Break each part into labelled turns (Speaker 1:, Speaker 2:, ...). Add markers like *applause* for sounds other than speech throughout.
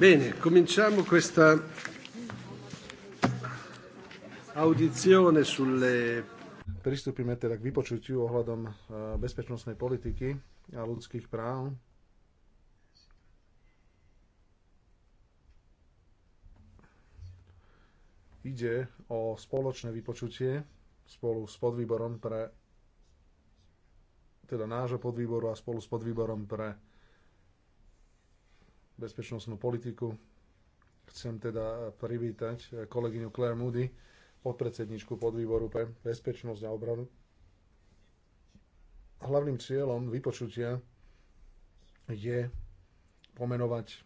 Speaker 1: Bene,
Speaker 2: cominciamo questa audizione sulle... pristupíme teda k vypočutiu ohľadom eh, bezpečnostnej politiky a ľudských práv. Ide o spoločné vypočutie spolu s podvýborom pre teda nášho podvýboru a spolu s podvýborom pre bezpečnostnú politiku. Chcem teda privítať kolegyňu Claire Moody, podpredsedničku podvýboru pre bezpečnosť a obranu. Hlavným cieľom vypočutia je pomenovať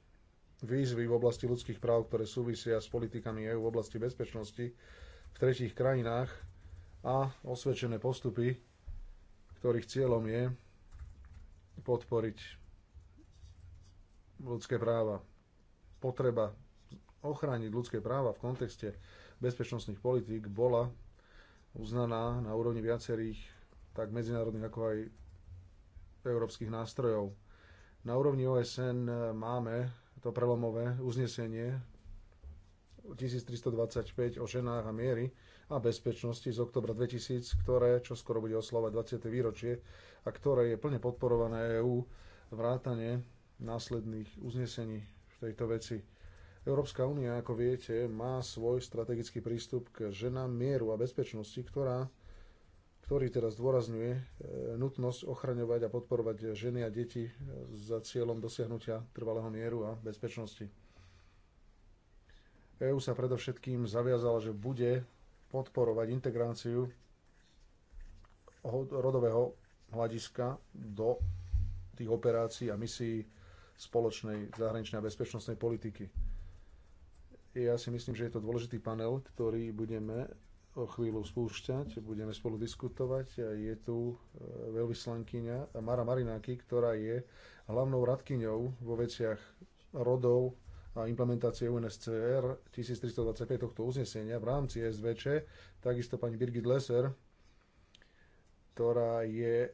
Speaker 2: výzvy v oblasti ľudských práv, ktoré súvisia s politikami EÚ v oblasti bezpečnosti v tretích krajinách a osvedčené postupy, ktorých cieľom je podporiť ľudské práva, potreba ochrániť ľudské práva v kontexte bezpečnostných politík bola uznaná na úrovni viacerých tak medzinárodných ako aj európskych nástrojov. Na úrovni OSN máme to prelomové uznesenie 1325 o ženách a miery a bezpečnosti z oktobra 2000, ktoré čo skoro bude oslovať 20. výročie a ktoré je plne podporované EÚ vrátane následných uznesení v tejto veci. Európska únia, ako viete, má svoj strategický prístup k ženám mieru a bezpečnosti, ktorá, ktorý teraz dôrazňuje e, nutnosť ochraňovať a podporovať ženy a deti e, za cieľom dosiahnutia trvalého mieru a bezpečnosti. EÚ sa predovšetkým zaviazala, že bude podporovať integráciu rodového hľadiska do tých operácií a misií spoločnej zahraničnej a bezpečnostnej politiky. Ja si myslím, že je to dôležitý panel, ktorý budeme o chvíľu spúšťať, budeme spolu diskutovať. Je tu e, veľvyslankyňa Mara Marináky, ktorá je hlavnou radkyňou vo veciach rodov a implementácie UNSCR 1325 tohto uznesenia v rámci SVČ. Takisto pani Birgit Lesser, ktorá je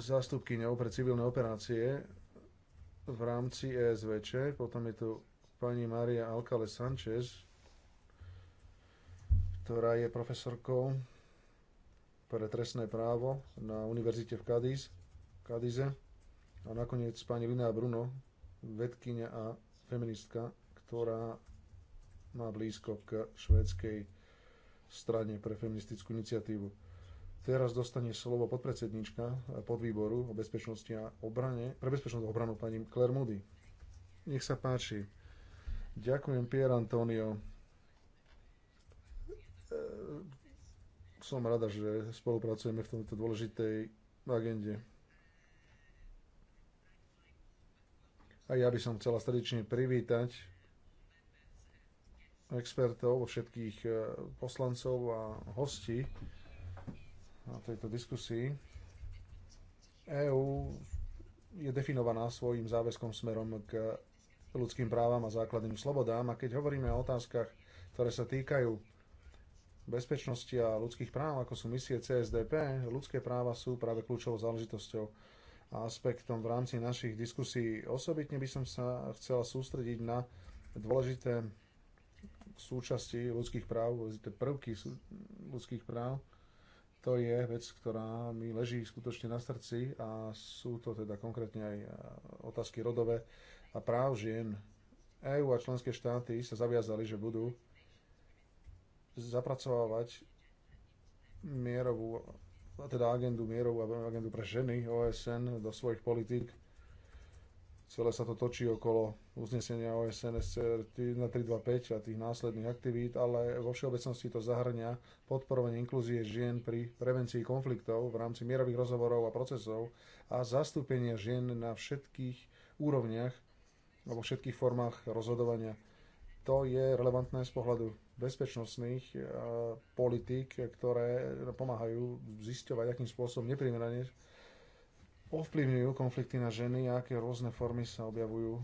Speaker 2: zástupkyňou pre civilné operácie v rámci ESVČ. Potom je tu pani Maria Alcale Sanchez, ktorá je profesorkou pre trestné právo na univerzite v Cadiz, Cadize. A nakoniec pani Lina Bruno, vedkynia a feministka, ktorá má blízko k švédskej strane pre feministickú iniciatívu. Teraz dostane slovo podpredsednička podvýboru o bezpečnosti a obrane, pre bezpečnosť a obranu pani Claire Moody. Nech sa páči. Ďakujem, Pier Antonio. E, som rada, že spolupracujeme v tomto dôležitej agende. A ja by som chcela srdečne privítať expertov, všetkých e, poslancov a hostí na tejto diskusii. EÚ je definovaná svojim záväzkom smerom k ľudským právam a základným slobodám a keď hovoríme o otázkach, ktoré sa týkajú bezpečnosti a ľudských práv, ako sú misie CSDP, ľudské práva sú práve kľúčovou záležitosťou a aspektom v rámci našich diskusí. Osobitne by som sa chcela sústrediť na dôležité súčasti ľudských práv, dôležité prvky ľudských práv, to je vec, ktorá mi leží skutočne na srdci a sú to teda konkrétne aj e, otázky rodové a práv žien. EÚ a členské štáty sa zaviazali, že budú zapracovávať mierovú, teda agendu mierovú a agendu pre ženy OSN do svojich politík Celé sa to točí okolo uznesenia OSN SCR 1325 a tých následných aktivít, ale vo všeobecnosti to zahrňa podporovanie inklúzie žien pri prevencii konfliktov v rámci mierových rozhovorov a procesov a zastúpenie žien na všetkých úrovniach alebo všetkých formách rozhodovania. To je relevantné z pohľadu bezpečnostných eh, politík, ktoré pomáhajú zisťovať, akým spôsobom neprimerane ovplyvňujú konflikty na ženy a aké rôzne formy sa objavujú,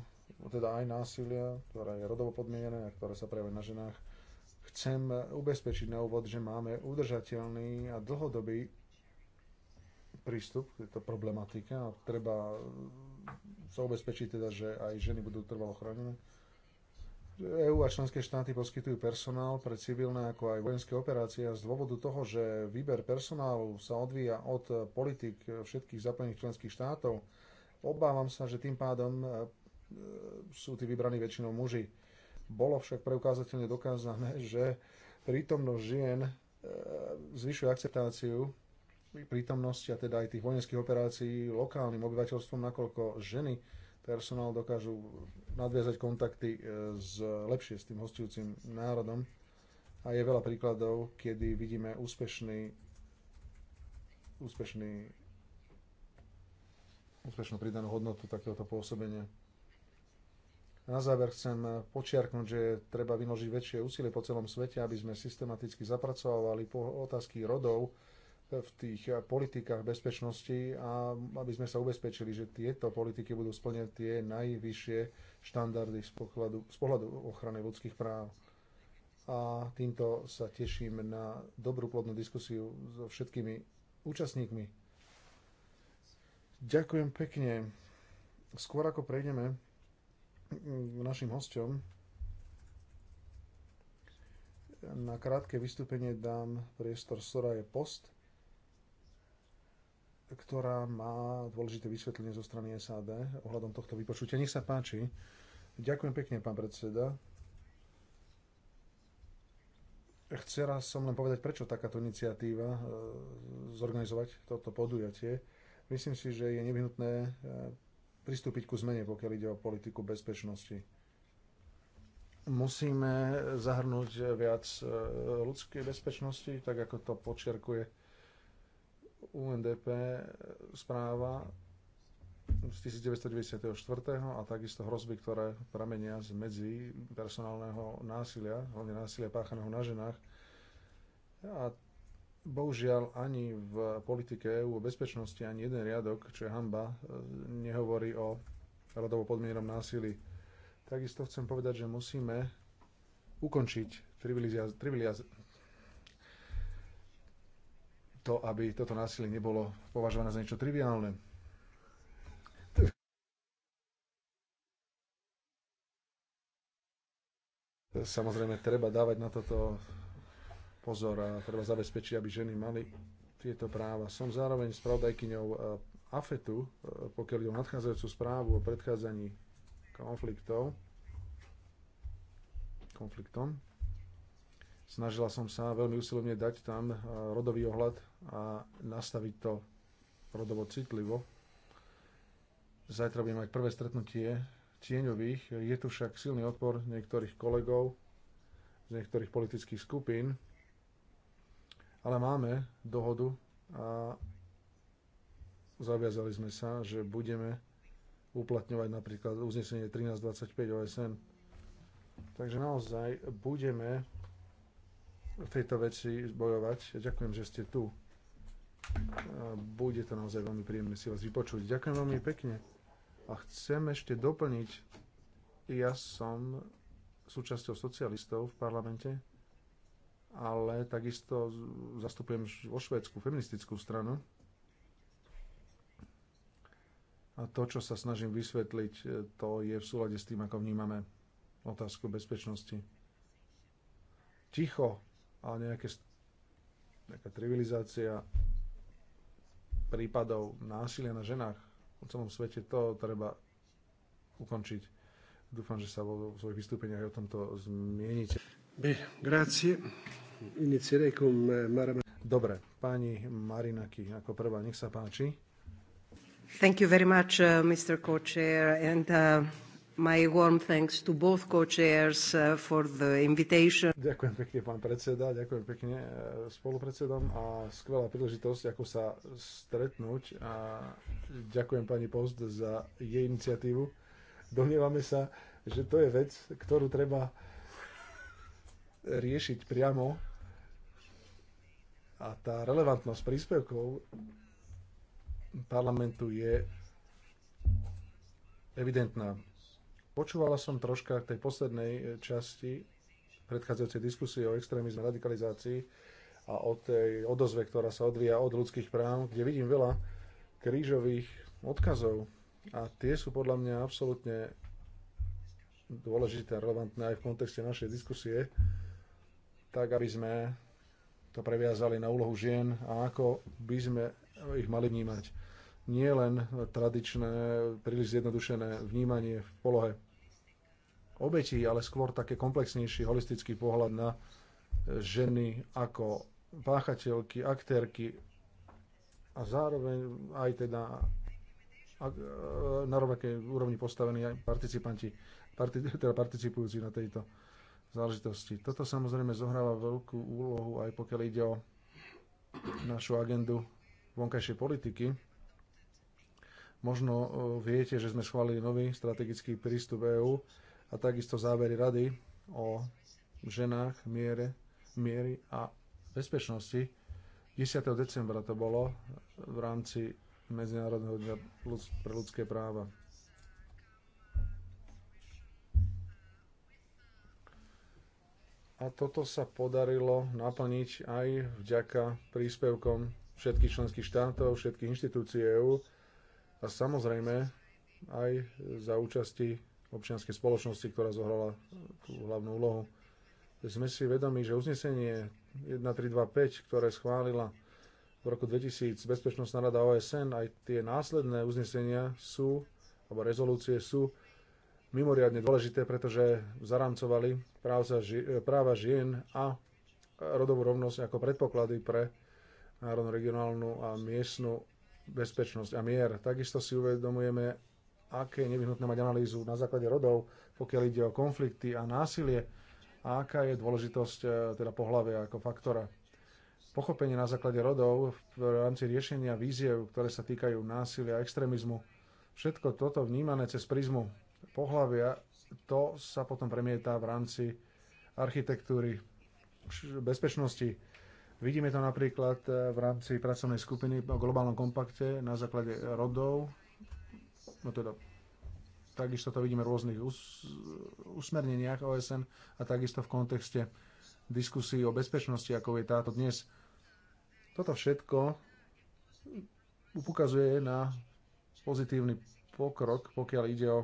Speaker 2: teda aj násilia, ktoré je rodovo podmienené a ktoré sa prejavuje na ženách. Chcem ubezpečiť na úvod, že máme udržateľný a dlhodobý prístup k tejto problematike a treba sa ubezpečiť teda, že aj ženy budú trvalo chránené EÚ a členské štáty poskytujú personál pre civilné ako aj vojenské operácie a z dôvodu toho, že výber personálu sa odvíja od politik všetkých zapojených členských štátov, obávam sa, že tým pádom e, sú tí vybraní väčšinou muži. Bolo však preukázateľne dokázané, že prítomnosť žien e, zvyšuje akceptáciu prítomnosti a teda aj tých vojenských operácií lokálnym obyvateľstvom, nakoľko ženy personál dokážu nadviazať kontakty s, e, lepšie s tým hostujúcim národom. A je veľa príkladov, kedy vidíme úspešný, úspešný, úspešnú pridanú hodnotu takéhoto pôsobenia. A na záver chcem počiarknúť, že treba vynožiť väčšie úsilie po celom svete, aby sme systematicky zapracovali po otázky rodov v tých eh, politikách bezpečnosti a aby sme sa ubezpečili, že tieto politiky budú splňať tie najvyššie štandardy z pohľadu, z pohľadu ochrany ľudských práv. A týmto sa teším na dobrú plodnú diskusiu so všetkými účastníkmi. Ďakujem pekne. Skôr ako prejdeme mm, k našim hostom, na krátke vystúpenie dám priestor Soraje Post, ktorá má dôležité vysvetlenie zo strany SAD ohľadom tohto vypočutia. Nech sa páči. Ďakujem pekne, pán predseda. Chcela som len povedať, prečo takáto iniciatíva e, zorganizovať toto podujatie. Myslím si, že je nevyhnutné e, pristúpiť ku zmene, pokiaľ ide o politiku bezpečnosti. Musíme zahrnúť viac e, ľudskej bezpečnosti, tak ako to počiarkuje UNDP e, správa z 1994 a takisto hrozby, ktoré pramenia z medzi personálneho násilia, hlavne násilia páchaného na ženách. A bohužiaľ ani v politike EU o bezpečnosti ani jeden riadok, čo je hamba, e, nehovorí o rodovo podmienenom násilí. Takisto chcem povedať, že musíme ukončiť trivializáciu to, aby toto násilie nebolo považované za niečo triviálne. Samozrejme, treba dávať na toto pozor a treba zabezpečiť, aby ženy mali tieto práva. Som zároveň spravodajkyňou eh, AFETu, eh, pokiaľ ide o nadchádzajúcu správu o predchádzaní konfliktov, konfliktom. Snažila som sa veľmi usilovne dať tam eh, rodový ohľad a nastaviť to rodovo citlivo. Zajtra budem mať prvé stretnutie tieňových. Je tu však silný odpor niektorých kolegov z niektorých politických skupín, ale máme dohodu a zaviazali sme sa, že budeme uplatňovať napríklad uznesenie 1325 OSN. Takže naozaj budeme v tejto veci bojovať. Ďakujem, že ste tu. Bude to naozaj veľmi príjemné si vás vypočuť. Ďakujem veľmi pekne. A chcem ešte doplniť, ja som súčasťou socialistov v parlamente, ale takisto zastupujem vo Švédsku feministickú stranu. A to, čo sa snažím vysvetliť, to je v súlade s tým, ako vnímame otázku bezpečnosti ticho a nejaké, nejaká trivializácia prípadov násilia na ženách v celom svete, to treba ukončiť. Dúfam, že sa vo svojich vystúpeniach o tomto zmienite. Eh, Dobre, pani Marinaki, ako prvá, nech sa páči.
Speaker 3: Thank you very much, uh,
Speaker 2: Mr. Co-Chair, and uh, my warm thanks to both co-chairs uh, for the invitation. Ďakujem pekne, pán predseda, ďakujem pekne uh, spolupredsedom a skvelá príležitosť, ako sa stretnúť a ďakujem pani Post za jej iniciatívu. Domnievame sa, že to je vec, ktorú treba riešiť priamo a tá relevantnosť príspevkov parlamentu je evidentná. Počúvala som troška k tej poslednej e, časti predchádzajúcej diskusie o extrémizme, radikalizácii a o tej odozve, ktorá sa odvíja od ľudských práv, kde vidím veľa krížových odkazov a tie sú podľa mňa absolútne dôležité a relevantné aj v kontexte našej diskusie, tak aby sme to previazali na úlohu žien a ako by sme ich mali vnímať nie len tradičné, príliš zjednodušené vnímanie v polohe obetí, ale skôr také komplexnejší holistický pohľad na e, ženy ako páchateľky, aktérky a zároveň aj teda e, na rovnakej úrovni postavení aj participanti, parti, *laughs* teda participujúci na tejto záležitosti. Toto samozrejme zohráva veľkú úlohu aj pokiaľ ide o našu agendu vonkajšej politiky. Možno e, viete, že sme schválili nový strategický prístup EÚ a takisto závery rady o ženách, miere, miery a bezpečnosti. 10. decembra to bolo v rámci Medzinárodného dňa pre ľudské práva. A toto sa podarilo naplniť aj vďaka príspevkom všetkých členských štátov, všetkých inštitúcií EÚ a samozrejme aj za účasti občianskej spoločnosti, ktorá zohrala tú hlavnú úlohu. Sme si vedomi, že uznesenie 1325, ktoré schválila v roku 2000 Bezpečnostná rada OSN, aj tie následné uznesenia sú, alebo rezolúcie sú mimoriadne dôležité, pretože zaramcovali práva žien a rodovú rovnosť ako predpoklady pre národnú, regionálnu a miestnu bezpečnosť a mier. Takisto si uvedomujeme aké je nevyhnutné mať analýzu na základe rodov, pokiaľ ide o konflikty a násilie a aká je dôležitosť e, teda pohľavia ako faktora. Pochopenie na základe rodov v rámci riešenia víziev, ktoré sa týkajú násilia a extrémizmu, všetko toto vnímané cez prizmu pohľavia, to sa potom premieta v rámci architektúry bezpečnosti. Vidíme to napríklad e, v rámci pracovnej skupiny o globálnom kompakte na základe rodov, no teda takisto to vidíme v rôznych us, usmerneniach OSN a takisto v kontexte diskusí o bezpečnosti, ako je táto dnes. Toto všetko upukazuje na pozitívny pokrok, pokiaľ ide o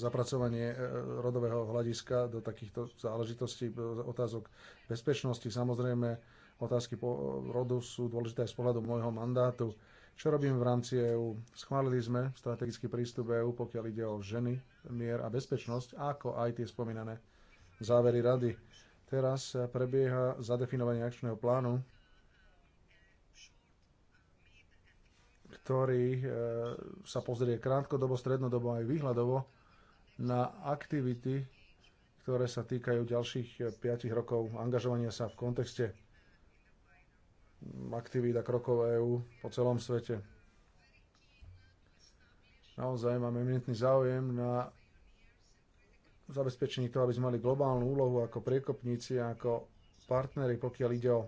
Speaker 2: zapracovanie e, rodového hľadiska do takýchto záležitostí, e, otázok bezpečnosti. Samozrejme, otázky po e, rodu sú dôležité aj z pohľadu môjho mandátu čo robím v rámci EÚ? Schválili sme strategický prístup EÚ, pokiaľ ide o ženy, mier a bezpečnosť, ako aj tie spomínané závery rady. Teraz prebieha zadefinovanie akčného plánu, ktorý e, sa pozrie krátkodobo, strednodobo aj výhľadovo na aktivity, ktoré sa týkajú ďalších 5 e, rokov angažovania sa v kontexte aktivít a krokov EÚ po celom svete. Naozaj máme eminentný záujem na zabezpečení toho, aby sme mali globálnu úlohu ako priekopníci, ako partnery, pokiaľ ide o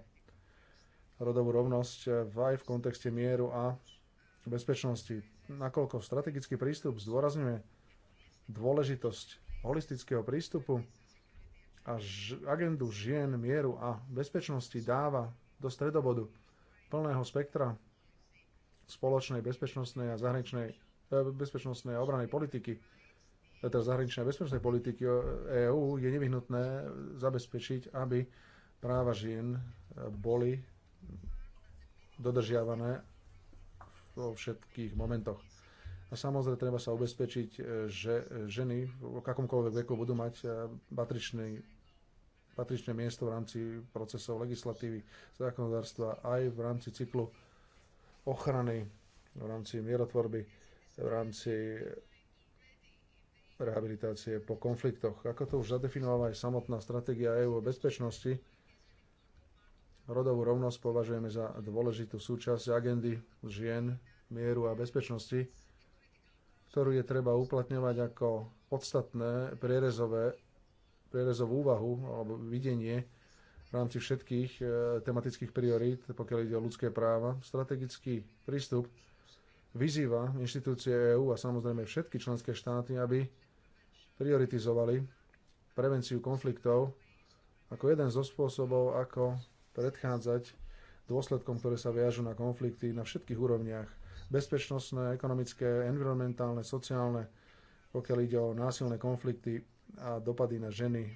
Speaker 2: rodovú rovnosť e, aj v kontexte mieru a bezpečnosti. Nakoľko strategický prístup zdôrazňuje dôležitosť holistického prístupu a agendu žien, mieru a bezpečnosti dáva do stredobodu plného spektra spoločnej bezpečnostnej a zahraničnej e, bezpečnostnej a obranej politiky, e, teda zahraničnej a bezpečnostnej politiky EÚ, e je nevyhnutné zabezpečiť, aby práva žien boli dodržiavané vo všetkých momentoch. A samozrejme treba sa ubezpečiť, že ženy v akomkoľvek veku budú mať patričný patričné miesto v rámci procesov legislatívy, zákonodárstva, aj v rámci cyklu ochrany, v rámci mierotvorby, v rámci rehabilitácie po konfliktoch. Ako to už zadefinovala aj samotná stratégia EÚ o bezpečnosti, rodovú rovnosť považujeme za dôležitú súčasť agendy žien, mieru a bezpečnosti, ktorú je treba uplatňovať ako podstatné prierezové prierezovú úvahu alebo videnie v rámci všetkých e, tematických priorít, pokiaľ ide o ľudské práva. Strategický prístup vyzýva inštitúcie EÚ a samozrejme všetky členské štáty, aby prioritizovali prevenciu konfliktov ako jeden zo spôsobov, ako predchádzať dôsledkom, ktoré sa viažu na konflikty na všetkých úrovniach. Bezpečnostné, ekonomické, environmentálne, sociálne, pokiaľ ide o násilné konflikty, a dopady na ženy,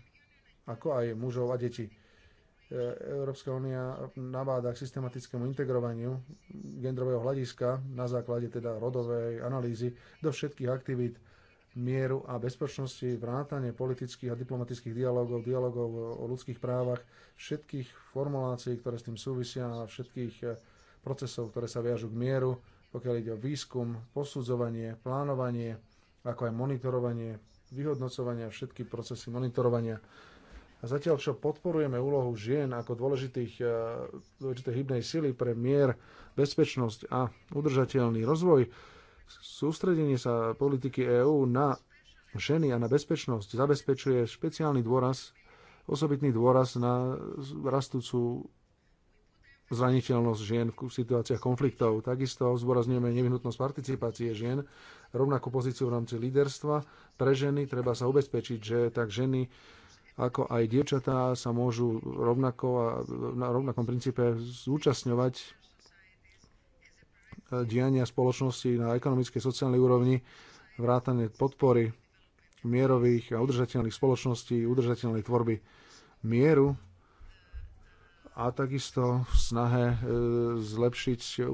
Speaker 2: ako aj mužov a deti. E, Európska únia nabáda k systematickému integrovaniu gendrového hľadiska na základe teda rodovej analýzy do všetkých aktivít mieru a bezpečnosti, vrátanie politických a diplomatických dialogov, dialogov o ľudských právach, všetkých formulácií, ktoré s tým súvisia a všetkých e, procesov, ktoré sa viažú k mieru, pokiaľ ide o výskum, posudzovanie, plánovanie, ako aj monitorovanie, vyhodnocovania, všetky procesy monitorovania. A zatiaľ, čo podporujeme úlohu žien ako dôležitých, e, dôležitej hybnej sily pre mier, bezpečnosť a udržateľný rozvoj, sústredenie sa politiky EÚ na ženy a na bezpečnosť zabezpečuje špeciálny dôraz, osobitný dôraz na rastúcu zraniteľnosť žien v situáciách konfliktov. Takisto zborazňujeme nevyhnutnosť participácie žien, rovnakú pozíciu v rámci líderstva. Pre ženy treba sa ubezpečiť, že tak ženy ako aj dievčatá sa môžu rovnako a na rovnakom princípe zúčastňovať e, diania spoločnosti na ekonomickej, sociálnej úrovni, vrátane podpory mierových a udržateľných spoločností, udržateľnej tvorby mieru a takisto v snahe e, zlepšiť, e,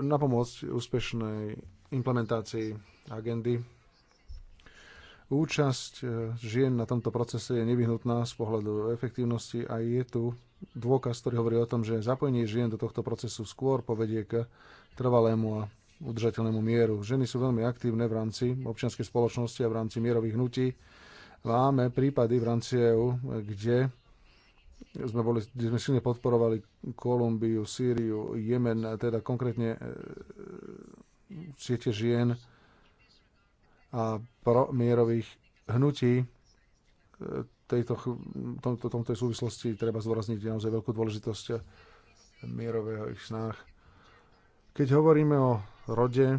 Speaker 2: napomôcť úspešnej implementácii agendy. Účasť e, žien na tomto procese je nevyhnutná z pohľadu efektívnosti a je tu dôkaz, ktorý hovorí o tom, že zapojenie žien do tohto procesu skôr povedie k trvalému a udržateľnému mieru. Ženy sú veľmi aktívne v rámci občianskej spoločnosti a v rámci mierových hnutí. Máme prípady v rámci EU, kde sme, boli, sme silne podporovali Kolumbiu, Sýriu, Jemen, teda konkrétne e, siete žien a mierových hnutí. E, tejto, tomto, tomto súvislosti treba zdôrazniť naozaj veľkú dôležitosť mierového ich snách. Keď hovoríme o rode,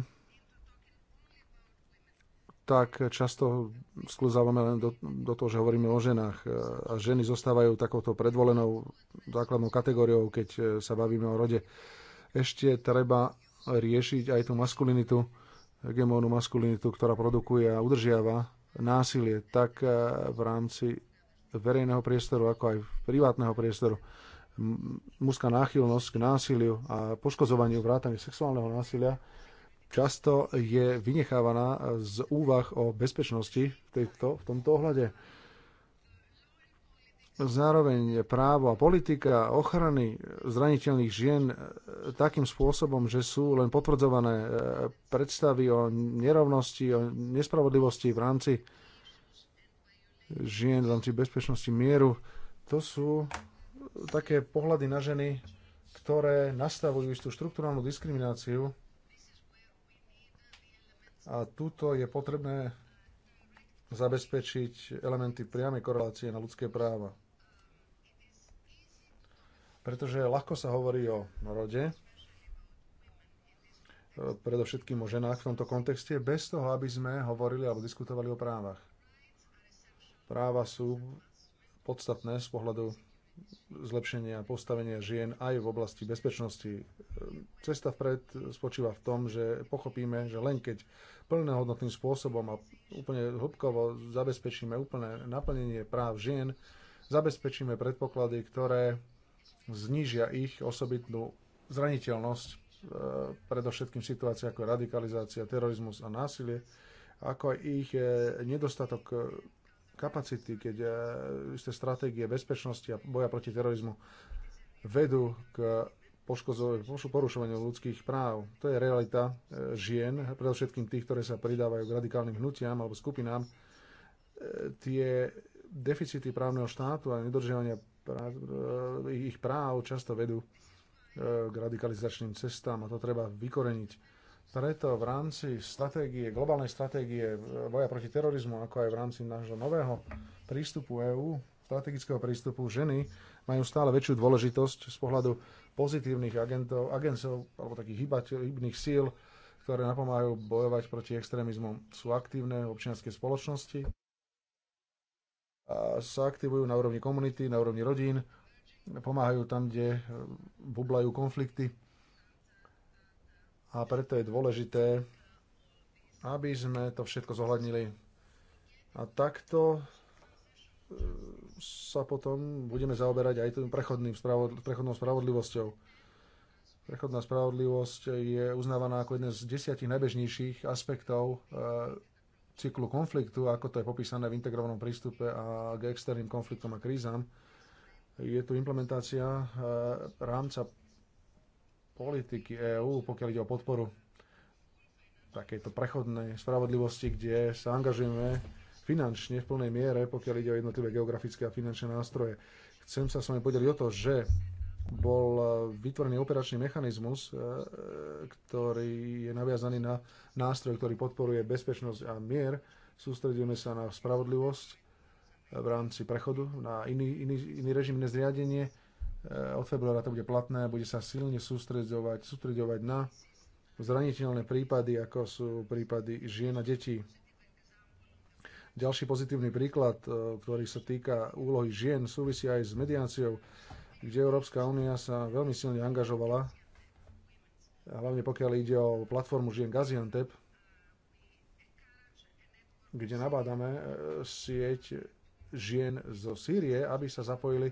Speaker 2: tak často skluzávame len do, do toho, že hovoríme o ženách. E, a ženy zostávajú takouto predvolenou základnou kategóriou, keď e, sa bavíme o rode. Ešte treba riešiť aj tú maskulinitu, hegemónu maskulinitu, ktorá produkuje a udržiava násilie, tak e, v rámci verejného priestoru, ako aj v privátneho priestoru. Mužská náchylnosť k násiliu a poškozovaniu vrátane sexuálneho násilia často je vynechávaná z úvah o bezpečnosti v, tejto, v tomto ohľade. Zároveň právo a politika ochrany zraniteľných žien takým spôsobom, že sú len potvrdzované e, predstavy o nerovnosti, o nespravodlivosti v rámci žien, v rámci bezpečnosti mieru. To sú také pohľady na ženy, ktoré nastavujú istú štruktúrálnu diskrimináciu a tuto je potrebné zabezpečiť elementy priamej korelácie na ľudské práva. Pretože ľahko sa hovorí o rode, e, predovšetkým o ženách v tomto kontexte, bez toho, aby sme hovorili alebo diskutovali o právach. Práva sú podstatné z pohľadu zlepšenia postavenia žien aj v oblasti bezpečnosti. Cesta vpred spočíva v tom, že pochopíme, že len keď plnohodnotným spôsobom a úplne hĺbkovo zabezpečíme úplné naplnenie práv žien, zabezpečíme predpoklady, ktoré znížia ich osobitnú zraniteľnosť, e, predovšetkým situácia ako radikalizácia, terorizmus a násilie, ako aj ich e, nedostatok kapacity, keď e, isté stratégie bezpečnosti a boja proti terorizmu vedú k porušovaniu ľudských práv. To je realita e, žien, predovšetkým tých, ktoré sa pridávajú k radikálnym hnutiam alebo skupinám. E, tie deficity právneho štátu a nedržiavania ich práv často vedú k radikalizačným cestám a to treba vykoreniť preto v rámci stratégie, globálnej stratégie boja proti terorizmu, ako aj v rámci nášho nového prístupu EÚ, strategického prístupu, ženy majú stále väčšiu dôležitosť z pohľadu pozitívnych agentov, agentov alebo takých hybných síl, ktoré napomáhajú bojovať proti extrémizmu. Sú aktívne v občianskej spoločnosti, a sa aktivujú na úrovni komunity, na úrovni rodín, pomáhajú tam, kde eh, bublajú konflikty a preto je dôležité, aby sme to všetko zohľadnili. A takto e, sa potom budeme zaoberať aj tým prechodným spravodl- prechodnou spravodlivosťou. Prechodná spravodlivosť je uznávaná ako jeden z desiatich najbežnejších aspektov e, cyklu konfliktu, ako to je popísané v integrovanom prístupe a k externým konfliktom a krízam. Je tu implementácia e, rámca politiky EÚ, pokiaľ ide o podporu takejto prechodnej spravodlivosti, kde sa angažujeme finančne v plnej miere, pokiaľ ide o jednotlivé geografické a finančné nástroje. Chcem sa s vami podeliť o to, že bol vytvorený operačný mechanizmus, e, ktorý je naviazaný na nástroj, ktorý podporuje bezpečnosť a mier. Sústredíme sa na spravodlivosť v rámci prechodu, na iný, iný, iný režim, iné zriadenie E, od februára to bude platné, bude sa silne sústredovať, sústredovať na zraniteľné prípady, ako sú prípady žien a detí. Ďalší pozitívny príklad, e, ktorý sa týka úlohy žien, súvisí aj s mediáciou, kde Európska únia sa veľmi silne angažovala, hlavne pokiaľ ide o platformu žien Gaziantep, kde nabádame e, sieť žien zo Sýrie, aby sa zapojili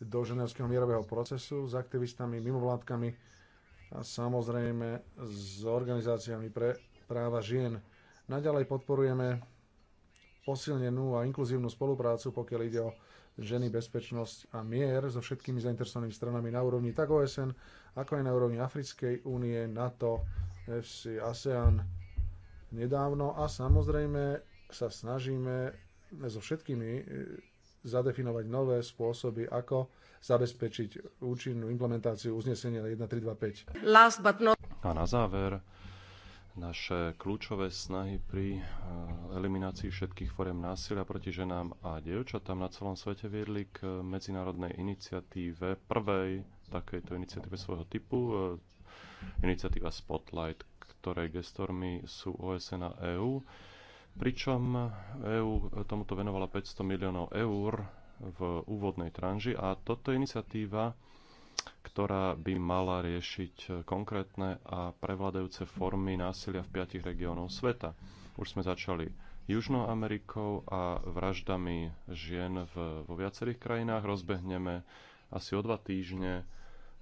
Speaker 2: do ženevského mierového procesu s aktivistami, mimovládkami a samozrejme s organizáciami pre práva žien. Naďalej podporujeme posilnenú a inkluzívnu spoluprácu, pokiaľ ide o ženy, bezpečnosť a mier so všetkými zainteresovanými stranami na úrovni tak OSN, ako aj na úrovni Africkej únie, NATO, FC, ASEAN nedávno a samozrejme sa snažíme so všetkými zadefinovať nové spôsoby, ako zabezpečiť účinnú implementáciu uznesenia 1325. Last but not...
Speaker 4: A na záver, naše kľúčové snahy pri eh, eliminácii všetkých foriem násilia proti ženám a dievčatám na celom svete viedli k eh, medzinárodnej iniciatíve, prvej takejto iniciatíve svojho typu, eh, iniciatíva Spotlight, ktorej gestormi sú OSN a EÚ. Pričom EÚ tomuto venovala 500 miliónov eur v úvodnej tranži a toto je iniciatíva, ktorá by mala riešiť konkrétne a prevladajúce formy násilia v piatich regiónoch sveta. Už sme začali Južnou Amerikou a vraždami žien v, vo viacerých krajinách. Rozbehneme asi o dva týždne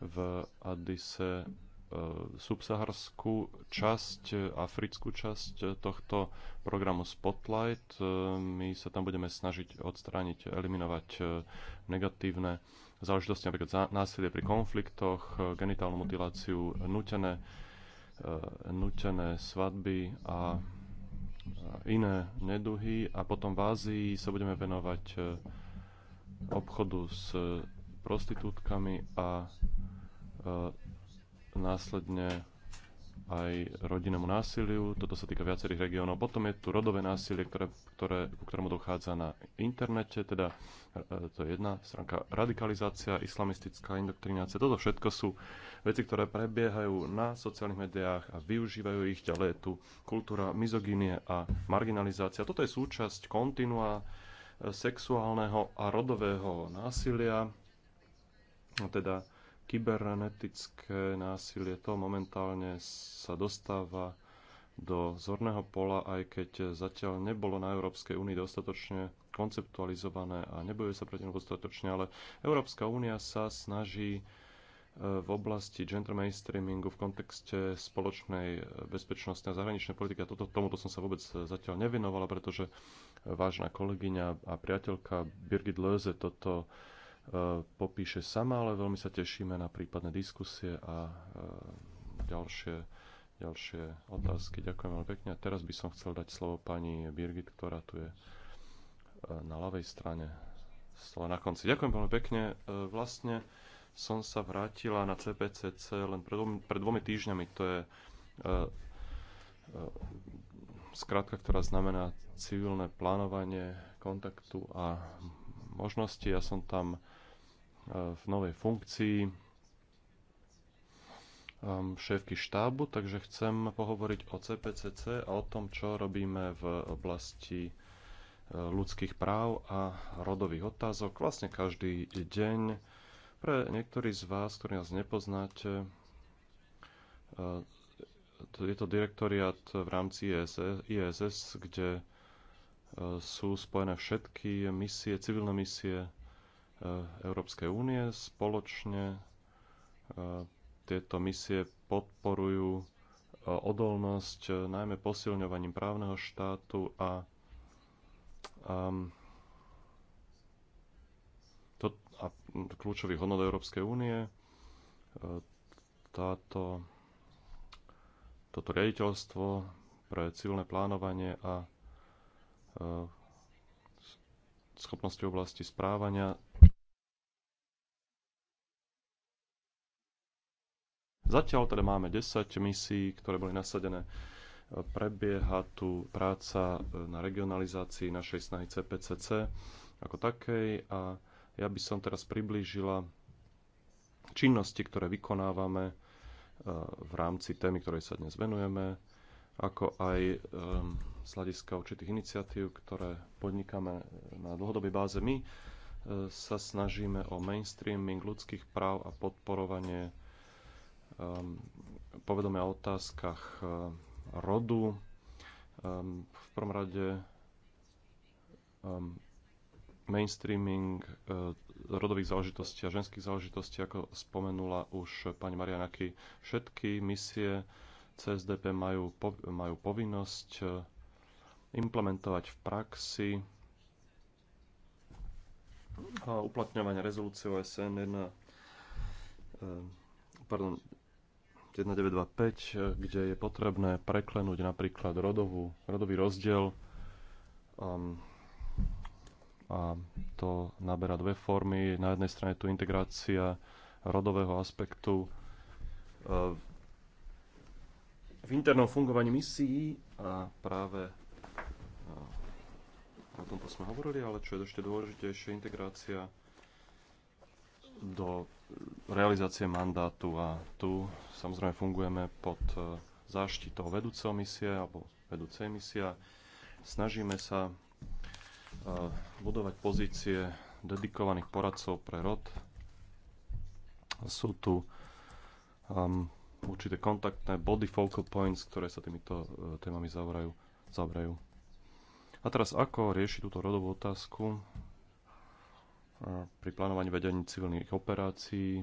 Speaker 4: v Adise. E, subsaharskú časť, e, africkú časť e, tohto programu Spotlight. My sa tam budeme snažiť odstrániť, eliminovať negatívne záležitosti, napríklad násilie pri konfliktoch, genitálnu mutiláciu, nutené, nutené svadby a iné neduhy. A potom v Ázii sa budeme venovať obchodu s prostitútkami a následne aj rodinnému násiliu, toto sa týka viacerých regiónov. Potom je tu rodové násilie, ktoré, ktoré, ku ktorému dochádza na internete, teda e, e, to je jedna stránka radikalizácia, islamistická indoktrinácia, toto všetko sú veci, ktoré prebiehajú na sociálnych médiách a využívajú ich. Ďalej je tu kultúra mizogynie a marginalizácia. Toto je súčasť kontinua e, sexuálneho a rodového násilia, teda kybernetické násilie, to momentálne sa dostáva do zorného pola, aj keď zatiaľ nebolo na Európskej únii dostatočne konceptualizované a nebojuje sa proti nemu dostatočne, ale Európska únia sa snaží e, v oblasti gender mainstreamingu v kontexte spoločnej e, bezpečnosti a zahraničnej politiky. A toto, tomuto som sa vôbec zatiaľ nevenovala, pretože vážna kolegyňa a priateľka Birgit Löze toto Eh, popíše sama, ale veľmi sa tešíme na prípadné diskusie a eh, ďalšie, ďalšie otázky. Ďakujem veľmi pekne. A teraz by som chcel dať slovo pani Birgit, ktorá tu je eh, na ľavej strane slova na konci. Ďakujem veľmi pekne. Vlastne som sa vrátila na CPCC len pred dvomi, pred dvomi týždňami. To je skrátka, ktorá znamená civilné plánovanie kontaktu a možnosti. Ja som tam v novej funkcii šéfky štábu, takže chcem pohovoriť o CPCC a o tom, čo robíme v oblasti e, ľudských práv a rodových otázok. Vlastne každý deň. Pre niektorí z vás, ktorí nás nepoznáte, e, je to direktoriat v rámci ISS kde e, sú spojené všetky misie, civilné misie Eh, Európskej únie. Spoločne eh, tieto misie podporujú eh, odolnosť najmä posilňovaním právneho štátu a, um, to, a kľúčových hodnot Európskej únie. Táto, toto riaditeľstvo pre civilné plánovanie a schopnosti oblasti správania Zatiaľ teda máme 10 misií, ktoré boli nasadené. Prebieha tu práca e, na regionalizácii našej snahy CPCC ako takej a ja by som teraz priblížila činnosti, ktoré vykonávame e, v rámci témy, ktorej sa dnes venujeme, ako aj e, z hľadiska určitých iniciatív, ktoré podnikáme na dlhodobej báze. My sa snažíme o mainstreaming ľudských práv a podporovanie Ehm, povedomia o otázkach eh, rodu. Ehm, v prvom rade ehm, mainstreaming eh, rodových záležitostí a ženských záležitostí, ako spomenula už pani Marianaky, všetky misie CSDP majú, majú povinnosť eh, implementovať v praxi uplatňovanie rezolúcie OSN 1, pardon, 1925, eh, kde je potrebné preklenúť napríklad rodovú, rodový rozdiel um, a to naberá dve formy. Na jednej strane tu integrácia rodového aspektu uh, v internom fungovaní misií a práve uh, o tomto sme hovorili, ale čo je ešte dôležitejšie, integrácia do realizácie mandátu a tu samozrejme fungujeme pod e, záštitou vedúceho misie alebo vedúcej misia. Snažíme sa e, budovať pozície dedikovaných poradcov pre rod. Sú tu um, určité kontaktné body focal points, ktoré sa týmito e, témami zavrajú, zavrajú. A teraz ako riešiť túto rodovú otázku? pri plánovaní vedení civilných operácií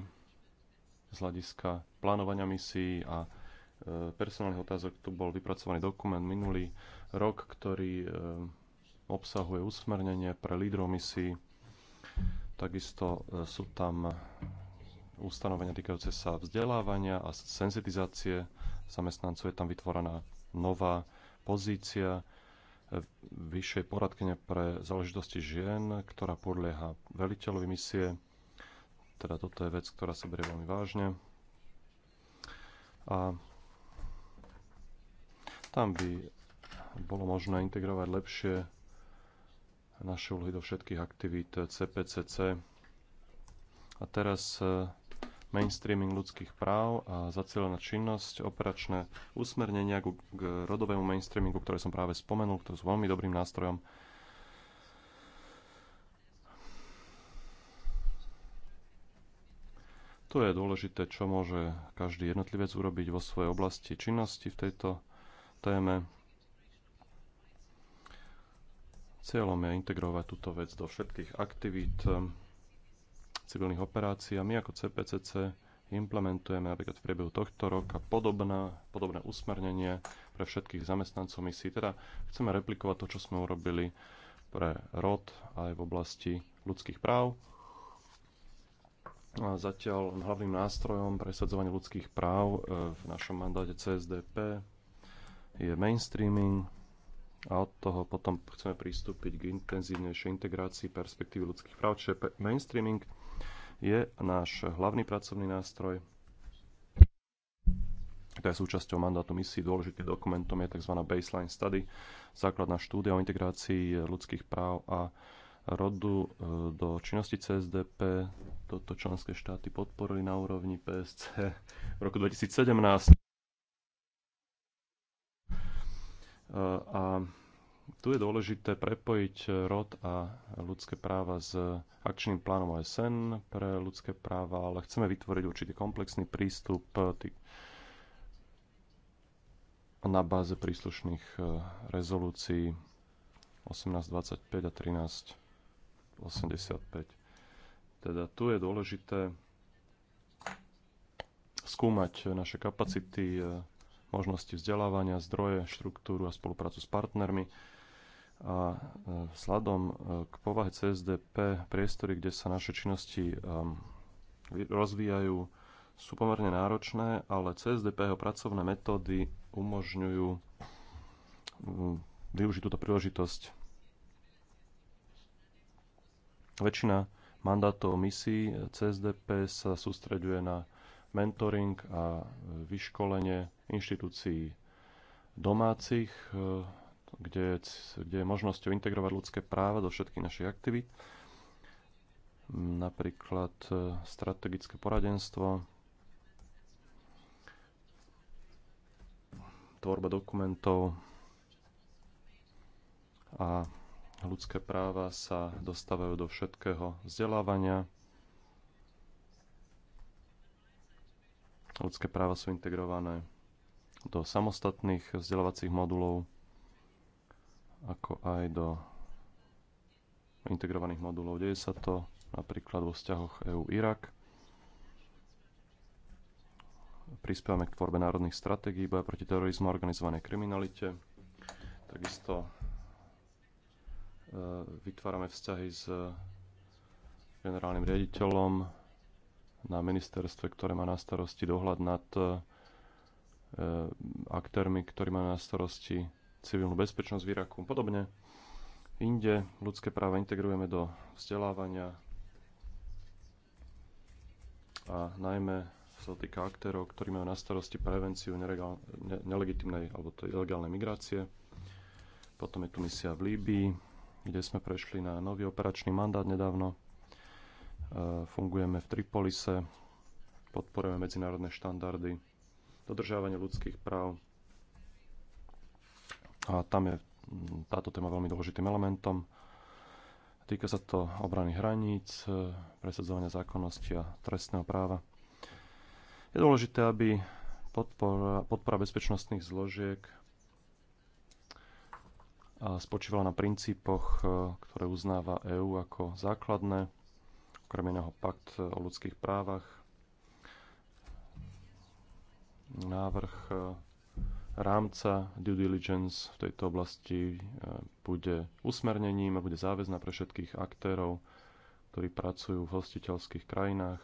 Speaker 4: z hľadiska plánovania misií a e, personálnych otázok tu bol vypracovaný dokument minulý rok, ktorý e, obsahuje usmernenie pre lídrov misií. Takisto e, sú tam ustanovenia týkajúce sa vzdelávania a senzitizácie zamestnancov. Je tam vytvorená nová pozícia vyššej poradkyne pre záležitosti žien, ktorá podlieha veliteľovi misie. Teda toto je vec, ktorá sa berie veľmi vážne. A tam by bolo možné integrovať lepšie naše úlohy do všetkých aktivít CPCC. A teraz eh, mainstreaming ľudských práv a zacielená činnosť, operačné usmernenia k, k rodovému mainstreamingu, ktoré som práve spomenul, ktoré sú veľmi dobrým nástrojom. To je dôležité, čo môže každý jednotlivec urobiť vo svojej oblasti činnosti v tejto téme. Cieľom je integrovať túto vec do všetkých aktivít civilných operácií a my ako CPCC implementujeme napríklad v priebehu tohto roka podobná, podobné usmernenie pre všetkých zamestnancov misií. Teda chceme replikovať to, čo sme urobili pre ROD aj v oblasti ľudských práv. A zatiaľ hlavným nástrojom presadzovania ľudských práv e, v našom mandáte CSDP je mainstreaming a od toho potom chceme pristúpiť k intenzívnejšej integrácii perspektívy ľudských práv, čiže mainstreaming je náš hlavný pracovný nástroj. To je súčasťou mandátu misií. Dôležitým dokumentom je tzv. baseline study, základná štúdia o integrácii ľudských práv a rodu e, do činnosti CSDP. Toto členské štáty podporili na úrovni PSC v roku 2017. E, a tu je dôležité prepojiť eh, rod a ľudské práva s eh, akčným plánom OSN pre ľudské práva, ale chceme vytvoriť určite komplexný prístup eh, na báze príslušných rezolúcií 1825 a 1385. Teda tu je dôležité skúmať naše kapacity, možnosti vzdelávania, zdroje, štruktúru a spoluprácu s partnermi a e, vzhľadom e, k povahe CSDP priestory, kde sa naše činnosti e, rozvíjajú, sú pomerne náročné, ale CSDP jeho pracovné metódy umožňujú využiť túto príležitosť. Väčšina mandátov misií CSDP sa sústreďuje na mentoring a vyškolenie inštitúcií domácich kde, kde je možnosťou integrovať ľudské práva do všetkých našich aktivít, napríklad e, strategické poradenstvo, tvorba dokumentov a ľudské práva sa dostávajú do všetkého vzdelávania. Ľudské práva sú integrované do samostatných vzdelávacích modulov ako aj do integrovaných modulov. Deje sa to napríklad vo vzťahoch EU-Irak. Prispievame k tvorbe národných stratégií boja proti terorizmu a organizovanej kriminalite. Takisto e, vytvárame vzťahy s generálnym riaditeľom na ministerstve, ktoré má na starosti dohľad nad e, aktérmi, ktorý má na starosti civilnú bezpečnosť v Iraku. Podobne inde ľudské práva integrujeme do vzdelávania a najmä sa týka aktérov, ktorí majú na starosti prevenciu neregál, ne, nelegitimnej alebo to ilegálnej migrácie. Potom je tu misia v Líbii, kde sme prešli na nový operačný mandát nedávno. E, fungujeme v Tripolise, podporujeme medzinárodné štandardy, dodržiavanie ľudských práv a tam je mm, táto téma veľmi dôležitým elementom. Týka sa to obrany hraníc, e, presadzovania zákonnosti a trestného práva. Je dôležité, aby podpora, podpora bezpečnostných zložiek spočívala na princípoch, e, ktoré uznáva EÚ ako základné, okrem iného pakt e, o ľudských právach, návrh rámca due diligence v tejto oblasti e, bude usmernením a bude záväzná pre všetkých aktérov, ktorí pracujú v hostiteľských krajinách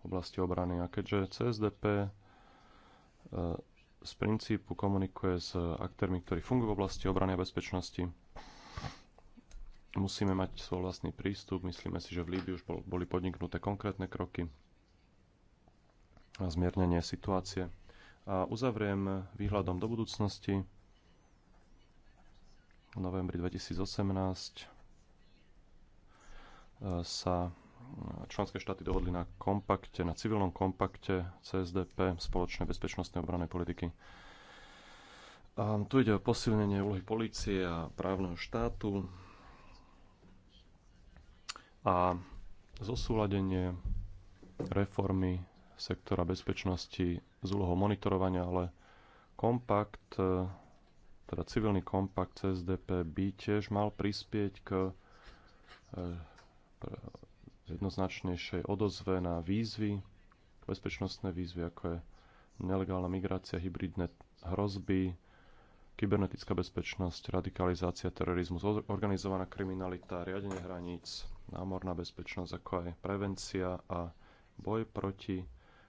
Speaker 4: v oblasti obrany. A keďže CSDP e, z princípu komunikuje s aktérmi, ktorí fungujú v oblasti obrany a bezpečnosti, musíme mať svoj vlastný prístup. Myslíme si, že v Líbii už boli podniknuté konkrétne kroky na zmiernenie situácie. A uzavriem výhľadom do budúcnosti. V novembri 2018 e, sa e, členské štáty dohodli na kompakte, na civilnom kompakte CSDP, spoločnej bezpečnostnej obranej politiky. A tu ide o posilnenie úlohy policie a právneho štátu a zosúladenie reformy sektora bezpečnosti z úlohou monitorovania, ale kompakt, e, teda civilný kompakt CSDP by tiež mal prispieť k e, jednoznačnejšej odozve na výzvy, bezpečnostné výzvy, ako je nelegálna migrácia, hybridné hrozby, kybernetická bezpečnosť, radikalizácia, terorizmus, organizovaná kriminalita, riadenie hraníc, námorná bezpečnosť, ako aj prevencia a boj proti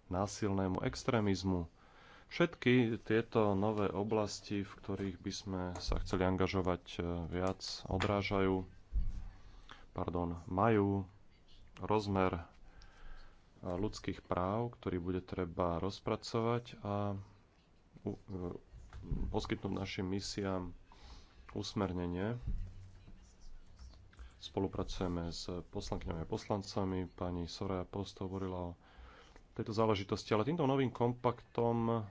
Speaker 4: násilnému extrémizmu. Všetky tieto nové oblasti, v ktorých by sme sa chceli angažovať e, viac, odrážajú, pardon, majú rozmer e, ľudských práv, ktorý bude treba rozpracovať a e, poskytnúť našim misiám usmernenie. Spolupracujeme s poslankyňami a poslancami. Pani Soraya Post hovorila o tejto záležitosti, ale týmto novým kompaktom um,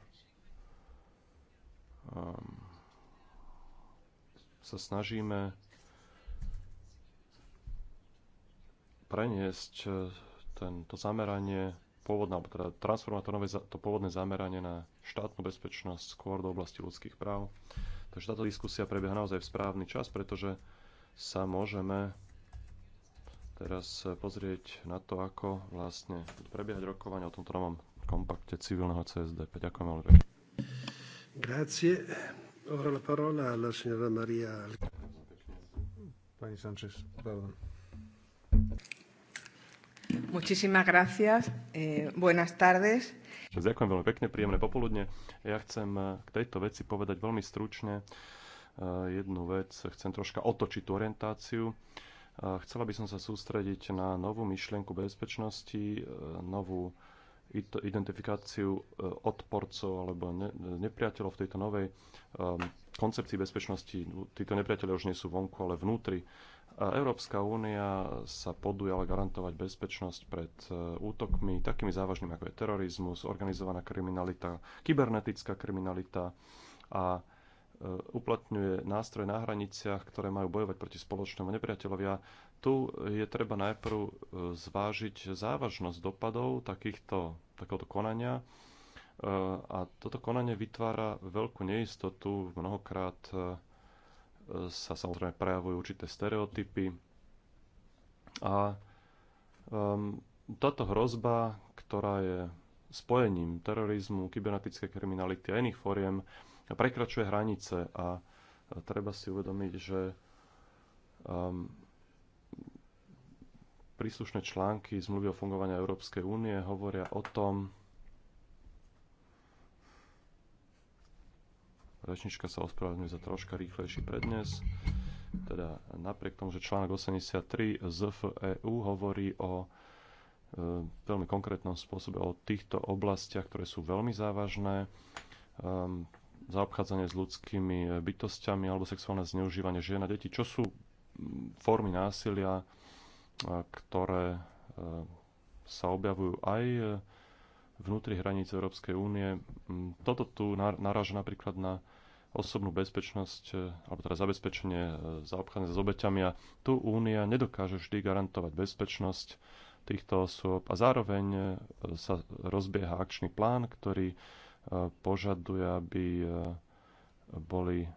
Speaker 4: sa snažíme preniesť uh, tento zameranie pôvodné, alebo teda transformatorové to pôvodné zameranie na štátnu bezpečnosť skôr do oblasti ľudských práv. Takže táto diskusia prebieha naozaj v správny čas, pretože sa môžeme teraz pozrieť na to, ako vlastne prebiehať rokovanie o tomto novom kompakte civilného CSDP. Ďakujem veľmi pekne.
Speaker 2: Grazie. Ora la parola alla signora Maria. Pani Sanchez, pardon.
Speaker 1: Muchísimas gracias. Eh, buenas tardes.
Speaker 4: Ďakujem veľmi pekne, príjemné popoludne. Ja chcem eh, k tejto veci povedať veľmi stručne eh, jednu vec. Chcem troška otočiť tú orientáciu. Chcela by som sa sústrediť na novú myšlienku bezpečnosti, e, novú identifikáciu e, odporcov alebo nepriateľov v tejto novej ehm, koncepcii bezpečnosti. No, títo nepriateľe už nie sú vonku, ale vnútri. Európska únia sa podujala garantovať bezpečnosť pred e, útokmi takými závažnými, ako je terorizmus, organizovaná kriminalita, kybernetická kriminalita a E, uplatňuje nástroje na hraniciach, ktoré majú bojovať proti spoločnému nepriateľovia. tu je treba najprv e, zvážiť závažnosť dopadov takýchto, takéhoto konania. E, a toto konanie vytvára veľkú neistotu, mnohokrát sa samozrejme prejavujú určité stereotypy. A um, táto hrozba, ktorá je spojením terorizmu, kybernetickej kriminality a iných fóriem, prekračuje hranice a treba si uvedomiť, že um, príslušné články zmluvy o fungovaní Európskej únie hovoria o tom, rečnička sa ospravedlňuje za troška rýchlejší prednes, teda napriek tomu, že článok 83 ZFEU hovorí o e, veľmi konkrétnom spôsobe o týchto oblastiach, ktoré sú veľmi závažné, E, zaobchádzanie s ľudskými bytostiami alebo sexuálne zneužívanie žien a detí, čo sú formy násilia, ktoré e, sa objavujú aj e, vnútri hraníc Európskej únie. Toto tu naráža napríklad na osobnú bezpečnosť, e, alebo teda zabezpečenie zaobchádzania s obeťami a tu Únia nedokáže vždy garantovať bezpečnosť týchto osôb a zároveň sa rozbieha akčný plán, ktorý požaduje, aby eh, boli eh,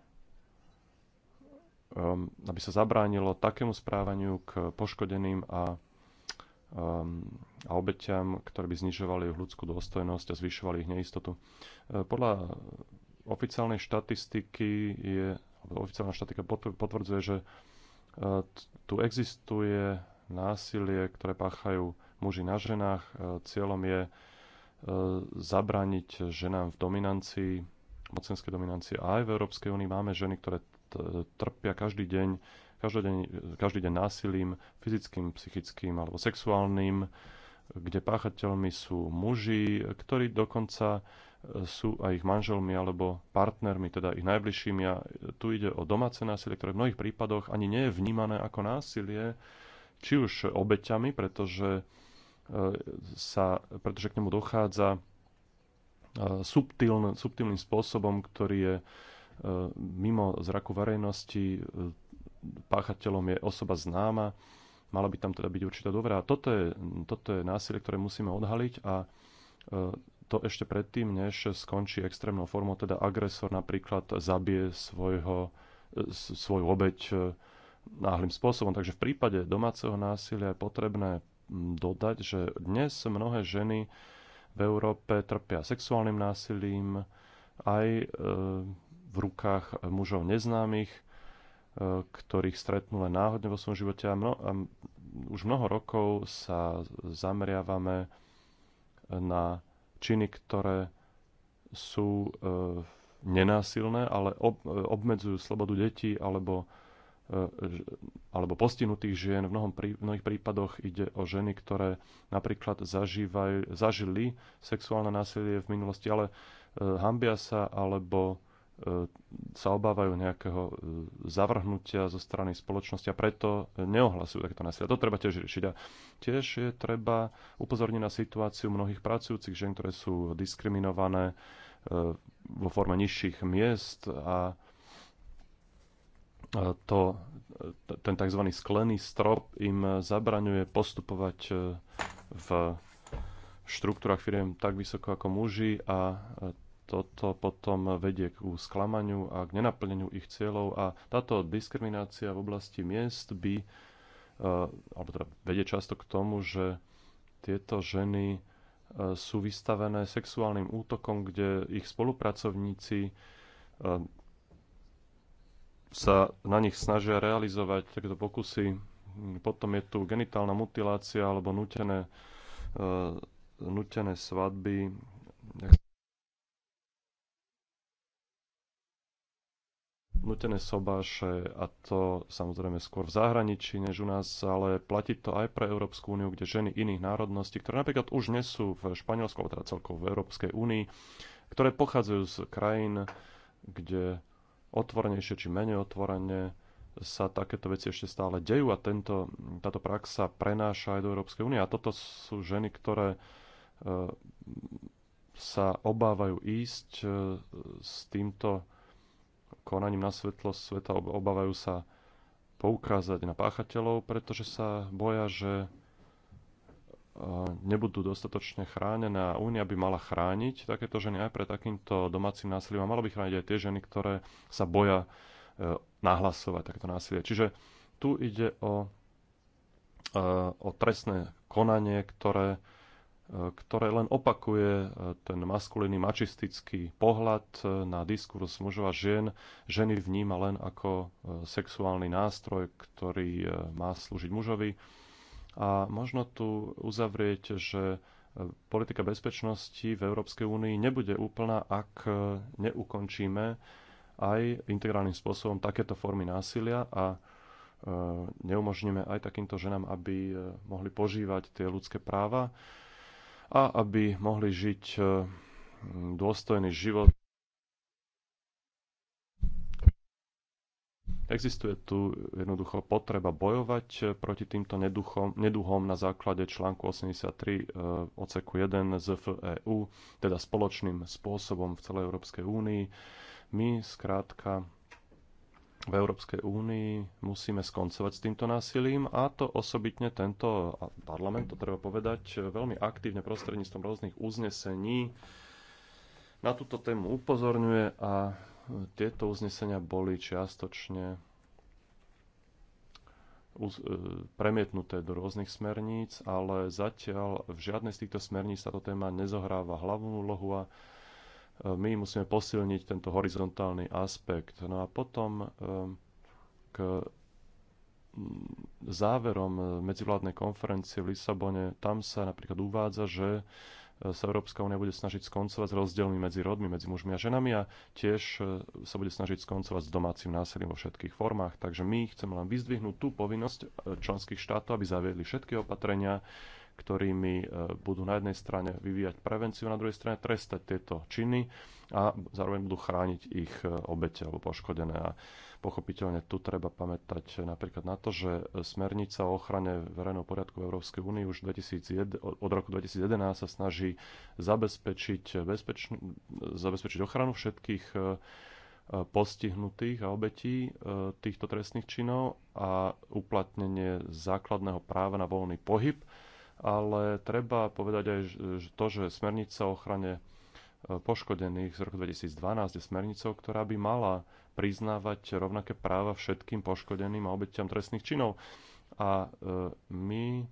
Speaker 4: aby sa zabránilo takému správaniu k poškodeným a, eh, a obeťam, ktoré by znižovali ich ľudskú dôstojnosť a zvyšovali ich neistotu. Podľa oficiálnej štatistiky je, oficiálna štatika potvrdzuje, že tu existuje násilie, ktoré páchajú muži na ženách. Cieľom je E, zabrániť ženám v dominancii, mocenskej dominancii. A aj v Európskej únii máme ženy, ktoré trpia každý deň, každý deň, každý deň násilím, fyzickým, psychickým alebo sexuálnym, kde páchateľmi sú muži, ktorí dokonca e, sú aj ich manželmi alebo partnermi, teda ich najbližšími. A tu ide o domáce násilie, ktoré v mnohých prípadoch ani nie je vnímané ako násilie, či už obeťami, pretože sa, pretože k nemu dochádza e, subtiln, subtilným spôsobom, ktorý je e, mimo zraku verejnosti, e, páchateľom je osoba známa, mala by tam teda byť určitá dobrá. Toto je, toto je násilie, ktoré musíme odhaliť a to ešte predtým, než skončí extrémnou formou, teda agresor napríklad zabije svojho, svoju obeď náhlým spôsobom. Takže v prípade domáceho násilia je potrebné dodať, že dnes mnohé ženy v Európe trpia sexuálnym násilím aj e, v rukách mužov neznámych, e, ktorých stretnú len náhodne vo svojom živote. A, mno, a už mnoho rokov sa zameriavame na činy, ktoré sú e, nenásilné, ale ob, obmedzujú slobodu detí alebo E, alebo postihnutých žien. V mnohom mnohých prípadoch ide o ženy, ktoré napríklad zažívaj, zažili sexuálne násilie v minulosti, ale e, hambia sa alebo e, sa obávajú nejakého zavrhnutia zo strany spoločnosti a preto neohlasujú takéto násilie. To treba tiež riešiť. A tiež je treba upozorniť na situáciu mnohých pracujúcich žien, ktoré sú diskriminované vo forme nižších miest a to, ten tzv. sklený strop im zabraňuje postupovať e, v štruktúrach firiem tak vysoko ako muži a e, toto potom vedie k sklamaniu a k nenaplneniu ich cieľov a táto diskriminácia v oblasti miest by e, alebo teda vedie často k tomu, že tieto ženy sú vystavené sexuálnym útokom, kde ich spolupracovníci sa na nich snažia realizovať takéto pokusy. Potom je tu genitálna mutilácia alebo nutené, e, nutené svadby. nutené sobáše a to samozrejme skôr v zahraničí než u nás, ale platí to aj pre Európsku úniu, kde ženy iných národností, ktoré napríklad už nie sú v Španielsku, alebo teda celkovo v Európskej únii, ktoré pochádzajú z krajín, kde otvorenejšie či menej otvorene sa takéto veci ešte stále dejú a tento, táto prax sa prenáša aj do Európskej únie. A toto sú ženy, ktoré e, sa obávajú ísť e, s týmto konaním na svetlo sveta, obávajú sa poukázať na páchateľov, pretože sa boja, že Eh, nebudú dostatočne chránené a Únia by mala chrániť takéto ženy aj pre takýmto domácim násilím a malo by chrániť aj tie ženy, ktoré sa boja eh, nahlasovať takéto násilie. Čiže tu ide o, eh, o trestné konanie, ktoré, ktoré len opakuje ten maskulínny mačistický pohľad na diskurs mužov a žien. Ženy vníma len ako sexuálny nástroj, ktorý má slúžiť mužovi a možno tu uzavrieť, že e, politika bezpečnosti v Európskej únii nebude úplná, ak e, neukončíme aj integrálnym spôsobom takéto formy násilia a e, neumožníme aj takýmto ženám, aby mohli požívať tie ľudské práva a aby mohli žiť dôstojný život Existuje tu jednoducho potreba bojovať eh, proti týmto neduchom, neduhom na základe článku 83 oceku 1 z FEU, teda spoločným spôsobom v celej Európskej únii. My skrátka v Európskej únii musíme skoncovať s týmto násilím a to osobitne tento parlament, to treba povedať, eh, veľmi aktívne prostredníctvom rôznych uznesení na túto tému upozorňuje a tieto uznesenia boli čiastočne e, premietnuté do rôznych smerníc, ale zatiaľ v žiadnej z týchto smerníc táto téma nezohráva hlavnú úlohu a e, my musíme posilniť tento horizontálny aspekt. No a potom e, k záverom medzivládnej konferencie v Lisabone, tam sa napríklad uvádza, že E, sa Európska únia bude snažiť skoncovať s rozdielmi medzi rodmi, medzi mužmi a ženami a tiež e, sa bude snažiť skoncovať s domácim násilím vo všetkých formách. Takže my chceme len vyzdvihnúť tú povinnosť e, členských štátov, aby zaviedli všetky opatrenia, ktorými e, budú na jednej strane vyvíjať prevenciu, na druhej strane trestať tieto činy a zároveň budú chrániť ich e, obete alebo poškodené. A pochopiteľne tu treba pamätať napríklad na to, že smernica o ochrane verejného poriadku v Európskej únii už 2001, od roku 2011 sa snaží zabezpečiť, bezpečn, zabezpečiť ochranu všetkých e, postihnutých a obetí týchto trestných činov a uplatnenie základného práva na voľný pohyb ale treba povedať aj to, že smernica o ochrane e, poškodených z roku 2012 je smernicou, ktorá by mala priznávať rovnaké práva všetkým poškodeným a obeťam trestných činov. A e, my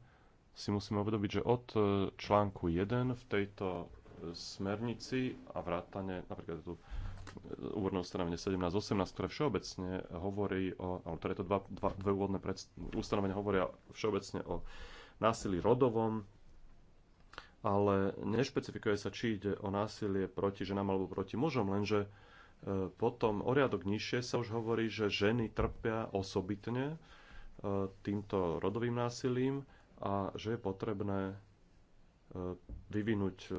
Speaker 4: si musíme uvedomiť, že od e, článku 1 v tejto smernici a vrátane napríklad tu úvodné ustanovenie 17,18, ktoré všeobecne hovorí o, ale teda to dva, dva, dve úvodné ustanovenia hovoria všeobecne o násilí rodovom, ale nešpecifikuje sa, či ide o násilie proti ženám alebo proti mužom, lenže e, potom o riadok nižšie sa už hovorí, že ženy trpia osobitne e, týmto rodovým násilím a že je potrebné e, vyvinúť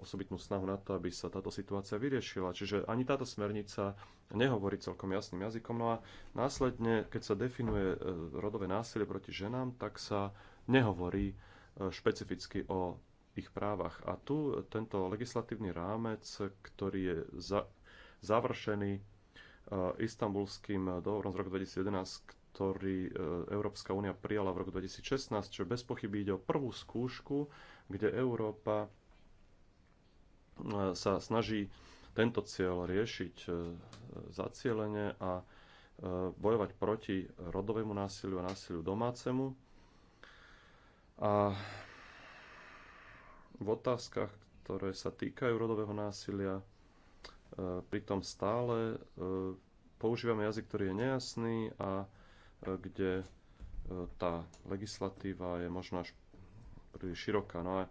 Speaker 4: osobitnú snahu na to, aby sa táto situácia vyriešila. Čiže ani táto smernica nehovorí celkom jasným jazykom. No a následne, keď sa definuje rodové násilie proti ženám, tak sa nehovorí e, špecificky o ich právach. A tu tento legislatívny rámec, ktorý je za, završený e, istambulským dohovorom z roku 2011, ktorý e, Európska únia prijala v roku 2016, čo bez pochyby ide o prvú skúšku, kde Európa sa snaží tento cieľ riešiť zacielene a bojovať proti rodovému násiliu a násiliu domácemu. A v otázkach, ktoré sa týkajú rodového násilia, e, pritom stále e, používame jazyk, ktorý je nejasný a e, kde tá legislatíva je možno až príliš široká. No a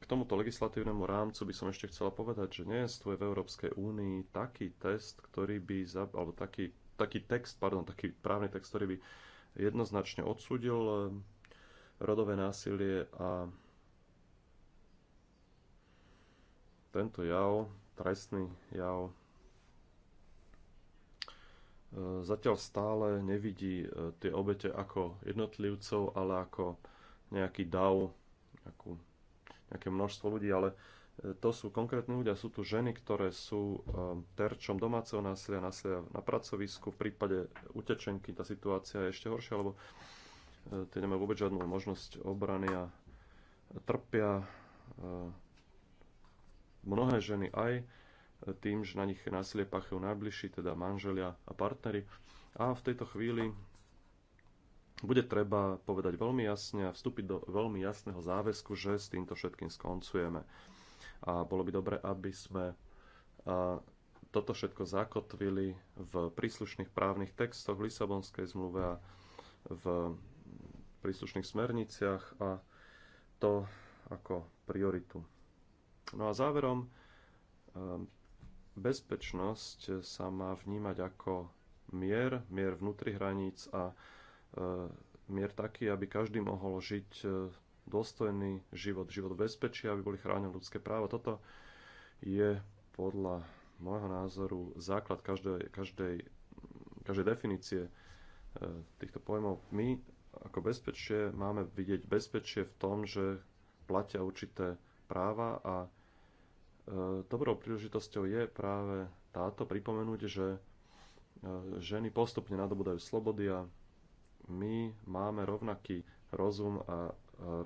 Speaker 4: k tomuto legislatívnemu rámcu by som ešte chcela povedať, že nie je v Európskej únii taký test, ktorý by, alebo taký, taký text, pardon, taký právny text, ktorý by jednoznačne odsudil rodové násilie a tento jav, trestný jav, e, zatiaľ stále nevidí e, tie obete ako jednotlivcov, ale ako nejaký dav, nejakú, nejaké množstvo ľudí, ale e, to sú konkrétni ľudia, sú tu ženy, ktoré sú terčom domáceho násilia, násilia na pracovisku. V prípade utečenky tá situácia je ešte horšia, lebo Eh, tie nemajú vôbec žiadnu možnosť obrany a trpia eh, mnohé ženy aj eh, tým, že na nich násilie pachajú najbližší, teda manželia a partnery. A v tejto chvíli bude treba povedať veľmi jasne a vstúpiť do veľmi jasného záväzku, že s týmto všetkým skoncujeme. A bolo by dobre, aby sme toto všetko zakotvili v príslušných právnych textoch v Lisabonskej zmluve a v príslušných smerniciach a to ako prioritu. No a záverom, e, bezpečnosť sa má vnímať ako mier, mier vnútri hraníc a e, mier taký, aby každý mohol žiť e, dôstojný život, život bezpečia, aby boli chránené ľudské práva. Toto je podľa môjho názoru základ každej, každej, každej definície týchto pojmov. My ako bezpečie máme vidieť bezpečie v tom, že platia určité práva a e, dobrou príležitosťou je práve táto pripomenúť, že e, ženy postupne nadobudajú slobody a my máme rovnaký rozum a e,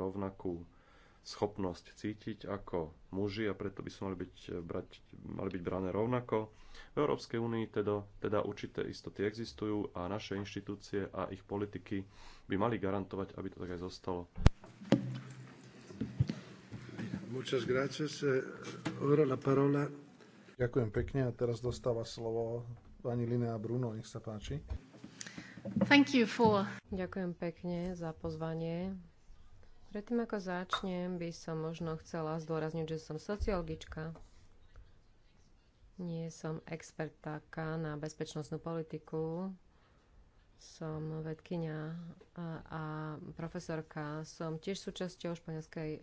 Speaker 4: rovnakú schopnosť cítiť ako muži a preto by sme mali byť, eh, brať, mali byť brané rovnako. V Európskej únii teda, teda určité istoty existujú a naše inštitúcie a ich politiky by mali garantovať, aby to tak aj zostalo. Eh,
Speaker 2: Ďakujem pekne a teraz dostáva slovo pani Linea Bruno, nech sa páči.
Speaker 3: Thank you for... Ďakujem pekne za pozvanie Predtým, ako začnem, by som možno chcela zdôrazniť, že som sociologička. Nie som expertáka na bezpečnostnú politiku. Som vedkynia a profesorka. Som tiež súčasťou španielskej e,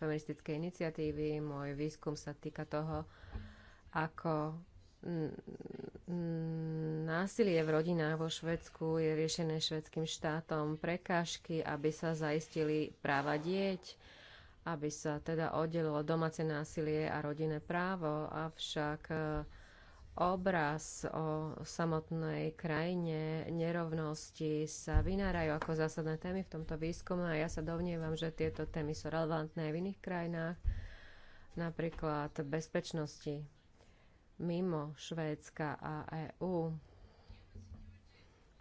Speaker 3: feministickej iniciatívy. Môj výskum sa týka toho, ako Násilie v rodinách vo Švedsku je riešené švedským štátom prekážky, aby sa zaistili práva dieť, aby sa teda oddelilo domáce násilie a rodinné právo, avšak e, obraz o samotnej krajine nerovnosti sa vynárajú ako zásadné témy v tomto výskume a ja sa dovnievam, že tieto témy sú relevantné aj v iných krajinách, napríklad bezpečnosti mimo Švédska a EÚ.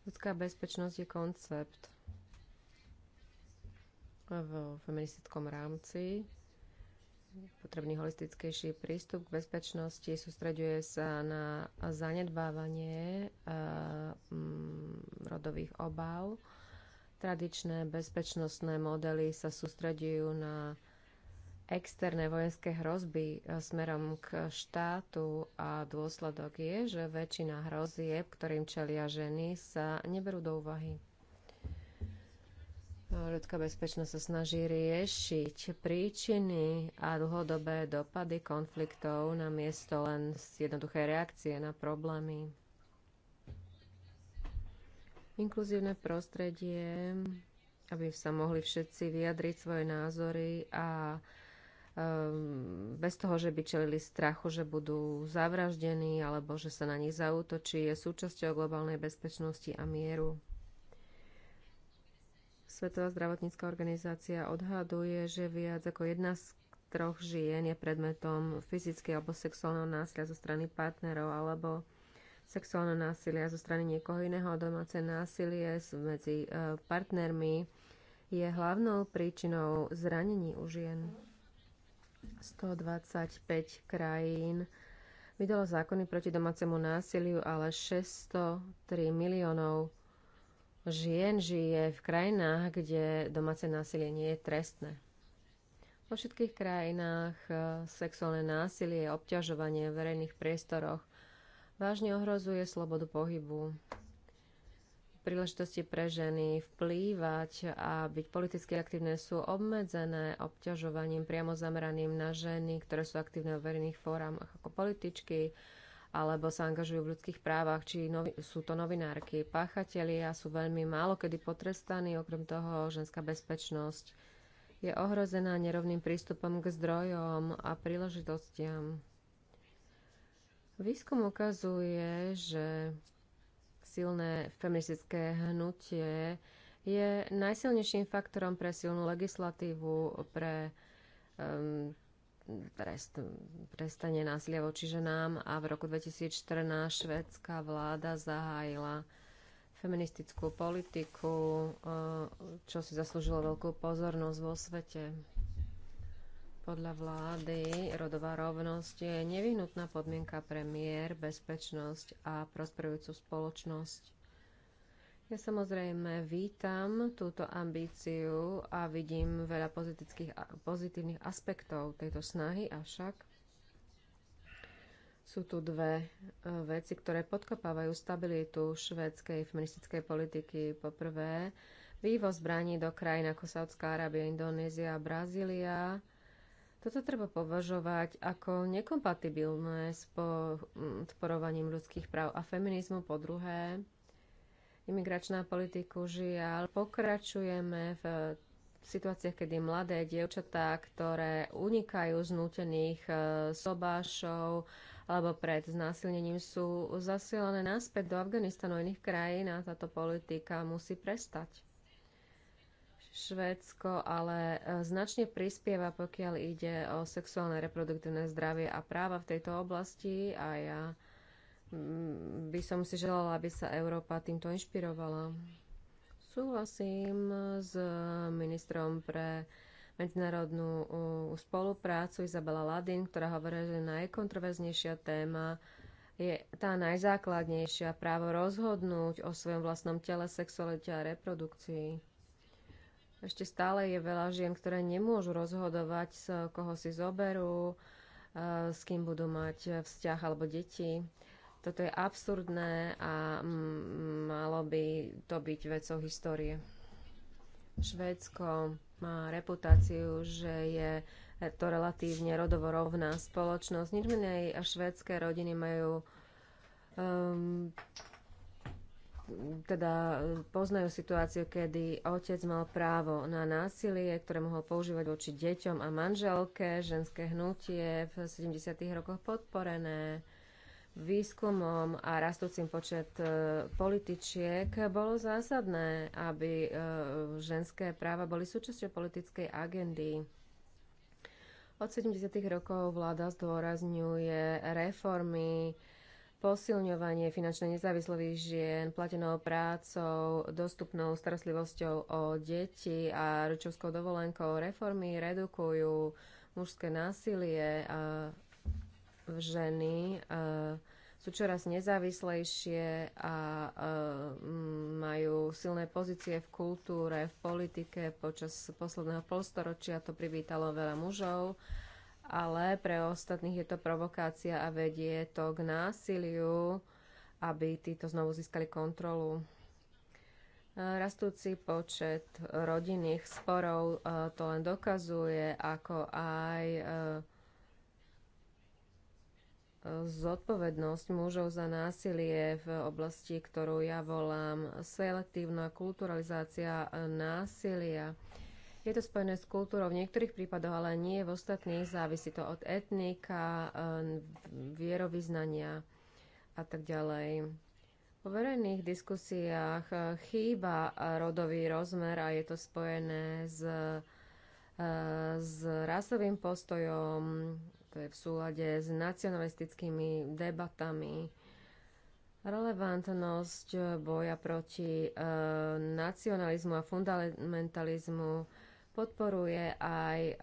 Speaker 3: Ľudská bezpečnosť je koncept v feministickom rámci. Potrebný holistickejší prístup k bezpečnosti sústreďuje sa na zanedbávanie e, mm, rodových obav. Tradičné bezpečnostné modely sa sústreďujú na externé vojenské hrozby e, smerom k štátu a dôsledok je, že väčšina hrozieb, ktorým čelia ženy, sa neberú do úvahy. E, Ľudská bezpečnosť sa snaží riešiť príčiny a dlhodobé dopady konfliktov na miesto len z jednoduché reakcie na problémy. Inkluzívne prostredie, aby sa mohli všetci vyjadriť svoje názory a Ehm, bez toho, že by čelili strachu, že budú zavraždení alebo že sa na nich zautočí, je súčasťou globálnej bezpečnosti a mieru. Svetová zdravotnícká organizácia odhaduje, že viac ako jedna z troch žien je predmetom fyzického alebo sexuálneho násilia zo strany partnerov alebo sexuálne násilia zo strany niekoho iného a domáce násilie medzi eh, partnermi je hlavnou príčinou zranení u žien. 125 krajín vydalo zákony proti domácemu násiliu, ale 603 miliónov žien žije v krajinách, kde domáce násilie nie je trestné. Vo všetkých krajinách e, sexuálne násilie a obťažovanie v verejných priestoroch vážne ohrozuje slobodu pohybu, príležitosti pre ženy vplývať a byť politicky aktívne sú obmedzené obťažovaním priamo zameraným na ženy, ktoré sú aktívne v verejných fórach ako političky alebo sa angažujú v ľudských právach, či novi- sú to novinárky, páchatelia sú veľmi málo kedy potrestaní, okrem toho ženská bezpečnosť je ohrozená nerovným prístupom k zdrojom a príležitostiam. Výskum ukazuje, že silné feministické hnutie je najsilnejším faktorom pre silnú legislatívu, pre um, prest, prestanie násilia voči ženám a v roku 2014 švedská vláda zahájila feministickú politiku, uh, čo si zaslúžilo veľkú pozornosť vo svete. Podľa vlády rodová rovnosť je nevyhnutná podmienka pre mier, bezpečnosť a prosperujúcu spoločnosť. Ja samozrejme vítam túto ambíciu a vidím veľa pozitívnych aspektov tejto snahy, avšak sú tu dve e, veci, ktoré podkopávajú stabilitu švédskej feministickej politiky. Poprvé, vývoz zbraní do krajín ako Saudská Arábia, Indonézia a Brazília toto treba považovať ako nekompatibilné s podporovaním mm, ľudských práv a feminizmu. Po druhé, imigračná politiku žiaľ pokračujeme v eh, situáciách, kedy mladé dievčatá, ktoré unikajú z nútených eh, sobášov alebo pred znásilnením sú zasielané naspäť do Afganistanu a iných krajín a táto politika musí prestať. Švédsko ale e, značne prispieva, pokiaľ ide o sexuálne reproduktívne zdravie a práva v tejto oblasti a ja mm, by som si želala, aby sa Európa týmto inšpirovala. Súhlasím e, s e, ministrom pre medzinárodnú spoluprácu Izabela Ladin, ktorá hovorí, že najkontroverznejšia téma je tá najzákladnejšia právo rozhodnúť o svojom vlastnom tele, sexualite a reprodukcii. Ešte stále je veľa žien, ktoré nemôžu rozhodovať, z koho si zoberú, e, s kým budú mať vzťah alebo deti. Toto je absurdné a malo by to byť vecou histórie. Švédsko má reputáciu, že je to relatívne rodovo rovná spoločnosť. Nič menej švédske rodiny majú um, teda e, poznajú situáciu, kedy otec mal právo na násilie, ktoré mohol používať voči deťom a manželke, ženské hnutie v 70. rokoch podporené výskumom a rastúcim počet e, političiek bolo zásadné, aby e, ženské práva boli súčasťou politickej agendy. Od 70. rokov vláda zdôrazňuje reformy posilňovanie finančnej nezávislosti žien, platenou prácou, dostupnou starostlivosťou o deti a rodičovskou dovolenkou. Reformy redukujú mužské násilie a ženy a sú čoraz nezávislejšie a mm, majú silné pozície v kultúre, v politike. Počas posledného polstoročia to privítalo veľa mužov ale pre ostatných je to provokácia a vedie to k násiliu, aby títo znovu získali kontrolu. Rastúci počet rodinných sporov e, to len dokazuje, ako aj e, zodpovednosť mužov za násilie v oblasti, ktorú ja volám selektívna kulturalizácia násilia. Je to spojené s kultúrou v niektorých prípadoch, ale nie v ostatných. Závisí to od etnika, ehm, vierovýznania a tak ďalej. Po verejných diskusiách eh, chýba rodový rozmer a je to spojené s, eh, s rasovým postojom, to je v súlade s nacionalistickými debatami. Relevantnosť boja proti e, nacionalizmu a fundamentalizmu podporuje aj uh,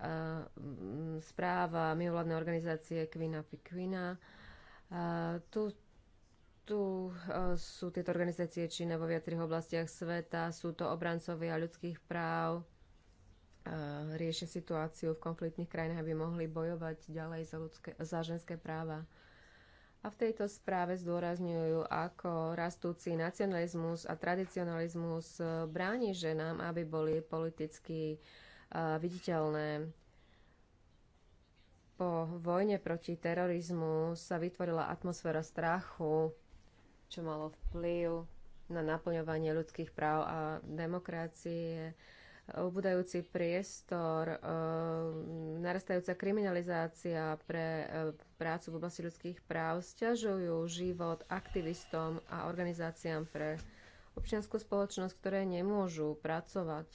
Speaker 3: správa mimovládnej organizácie Kvina Pikvina. Uh, tu tu uh, sú tieto organizácie činné vo viacerých oblastiach sveta, sú to obrancovia ľudských práv, eh, riešia situáciu v konfliktných krajinách, aby mohli bojovať ďalej za, ľudské, za ženské práva. A v tejto správe zdôrazňujú, ako rastúci nacionalizmus a tradicionalizmus bráni ženám, aby boli politicky uh, viditeľné. Po vojne proti terorizmu sa vytvorila atmosféra strachu, čo malo vplyv na naplňovanie ľudských práv a demokracie, ubudajúci priestor, e, narastajúca kriminalizácia pre e, prácu v oblasti ľudských práv stiažujú život aktivistom a organizáciám pre občianskú spoločnosť, ktoré nemôžu pracovať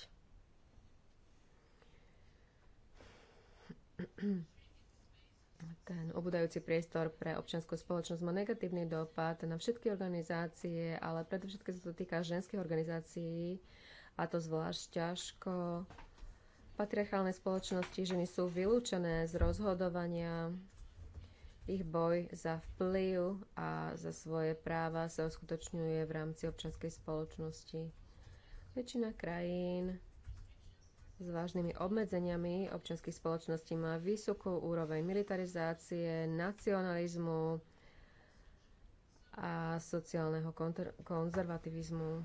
Speaker 3: ten obudajúci priestor pre občianskú spoločnosť má negatívny dopad na všetky organizácie, ale predovšetkým sa to týka ženských organizácií a to zvlášť ťažko. V patriarchálnej spoločnosti ženy sú vylúčené z rozhodovania, ich boj za vplyv a za svoje práva sa uskutočňuje v rámci občianskej spoločnosti. Väčšina krajín s vážnymi obmedzeniami občianských spoločností má vysokú úroveň militarizácie, nacionalizmu a sociálneho konzervativizmu.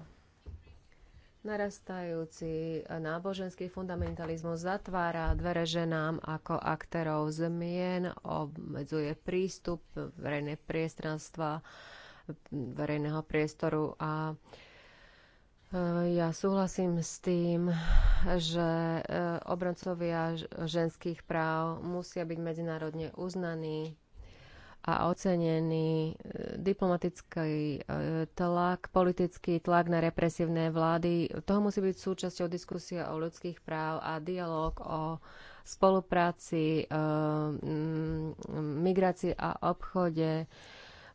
Speaker 3: Narastajúci náboženský fundamentalizmus zatvára dvere ženám ako aktérov zmien, obmedzuje prístup verejné priestranstva, verejného priestoru a ja súhlasím s tým, že e, obrancovia ženských práv musia byť medzinárodne uznaní a ocenený e, diplomatický e, tlak, politický tlak na represívne vlády. Toho musí byť súčasťou diskusia o ľudských práv a dialog o spolupráci, migrácii a obchode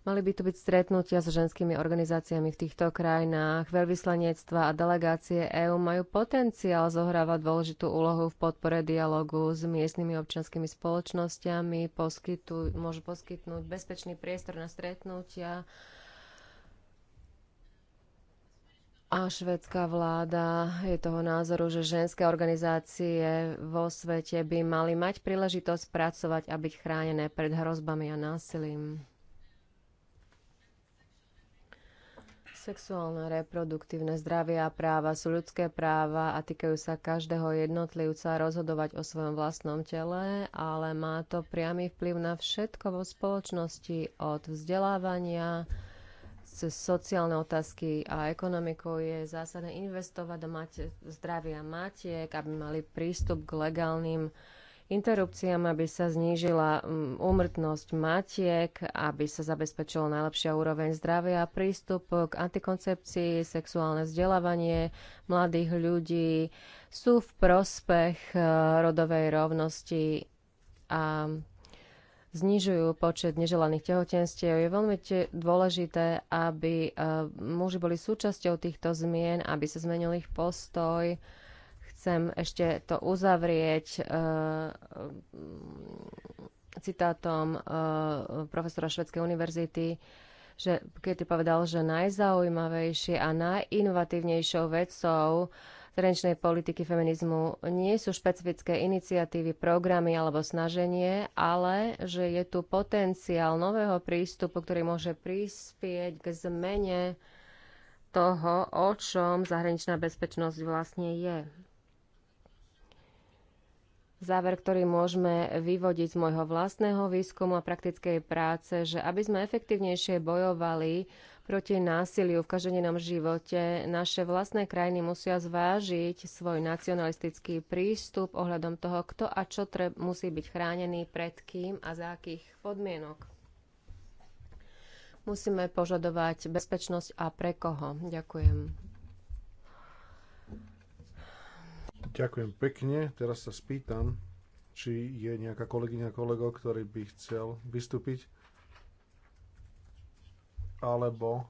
Speaker 3: Mali by to byť stretnutia s ženskými organizáciami v týchto krajinách. Veľvyslanectva a delegácie EÚ majú potenciál zohrávať dôležitú úlohu v podpore dialogu s miestnymi občanskými spoločnosťami, poskytu, môžu poskytnúť bezpečný priestor na stretnutia, a švedská vláda je toho názoru, že ženské organizácie vo svete by mali mať príležitosť pracovať a byť chránené pred hrozbami a násilím. Sexuálne reproduktívne zdravie a práva sú ľudské práva a týkajú sa každého jednotlivca rozhodovať o svojom vlastnom tele, ale má to priamy vplyv na všetko vo spoločnosti od vzdelávania cez sociálne otázky a ekonomiku je zásadné investovať do mate- zdravia matiek, aby mali prístup k legálnym interrupciám, aby sa znížila mm, úmrtnosť matiek, aby sa zabezpečilo najlepšia úroveň zdravia, prístup k antikoncepcii, sexuálne vzdelávanie mladých ľudí sú v prospech e, rodovej rovnosti a znižujú počet neželaných tehotenstiev. Je veľmi dôležité, aby e, muži boli súčasťou týchto zmien, aby sa zmenil ich postoj Chcem ešte to uzavrieť eh, citátom eh, profesora Švedskej univerzity, že keď povedal, že najzaujímavejšie a najinovatívnejšou vecou trenčnej politiky feminizmu nie sú špecifické iniciatívy, programy alebo snaženie, ale že je tu potenciál nového prístupu, ktorý môže prispieť k zmene toho, o čom zahraničná bezpečnosť vlastne je. Záver, ktorý môžeme vyvodiť z môjho vlastného výskumu a praktickej práce, že aby sme efektívnejšie bojovali proti násiliu v každodennom živote, naše vlastné krajiny musia zvážiť svoj nacionalistický prístup ohľadom toho, kto a čo treb- musí byť chránený pred kým a za akých podmienok. Musíme požadovať bezpečnosť a pre koho. Ďakujem.
Speaker 2: Ďakujem pekne. Teraz sa spýtam, či je nejaká kolegyňa, kolego, ktorý by chcel vystúpiť. Alebo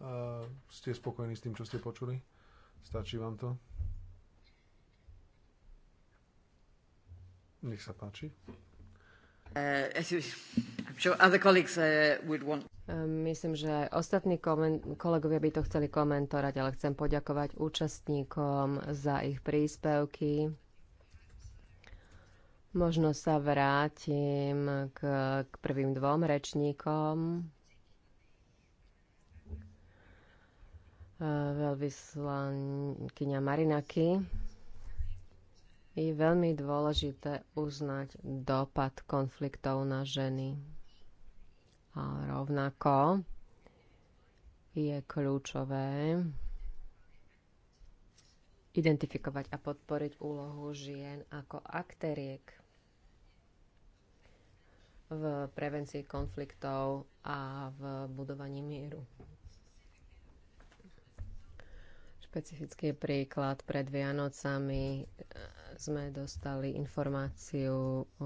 Speaker 2: uh, ste spokojní s tým, čo ste počuli? Stačí vám to? Nech sa páči.
Speaker 3: Uh, *laughs* uh, ehm, myslím, že aj ostatní kolegovia by to chceli komentovať, ale chcem poďakovať účastníkom za ich príspevky. Možno sa vrátim k, k prvým dvom rečníkom. Ehm, veľvyslankyňa Marinaky je veľmi dôležité uznať dopad konfliktov na ženy. A rovnako je kľúčové identifikovať a podporiť úlohu žien ako aktériek v prevencii konfliktov a v budovaní mieru. Špecifický príklad pred Vianocami e, sme dostali informáciu e,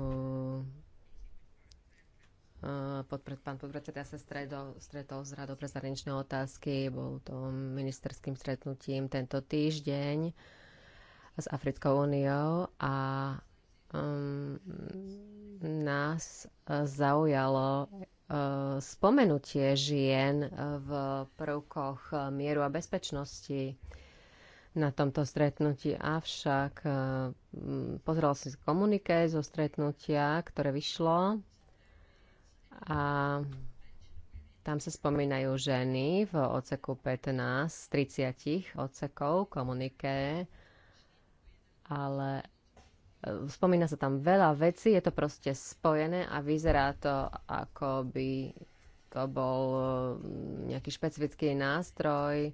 Speaker 3: podpred, pán podpredseda sa stredo, stretol s radou pre zahraničné otázky, bol to ministerským stretnutím tento týždeň s Africkou úniou a um, nás zaujalo Eh, spomenutie žien eh, v prvkoch eh, mieru a bezpečnosti na tomto stretnutí. Avšak pozrel si komuniké zo stretnutia, ktoré vyšlo a tam sa spomínajú ženy v oceku 15 z 30 ocekov komuniké, ale Spomína sa tam veľa vecí, je to proste spojené a vyzerá to, ako by to bol e, nejaký špecifický nástroj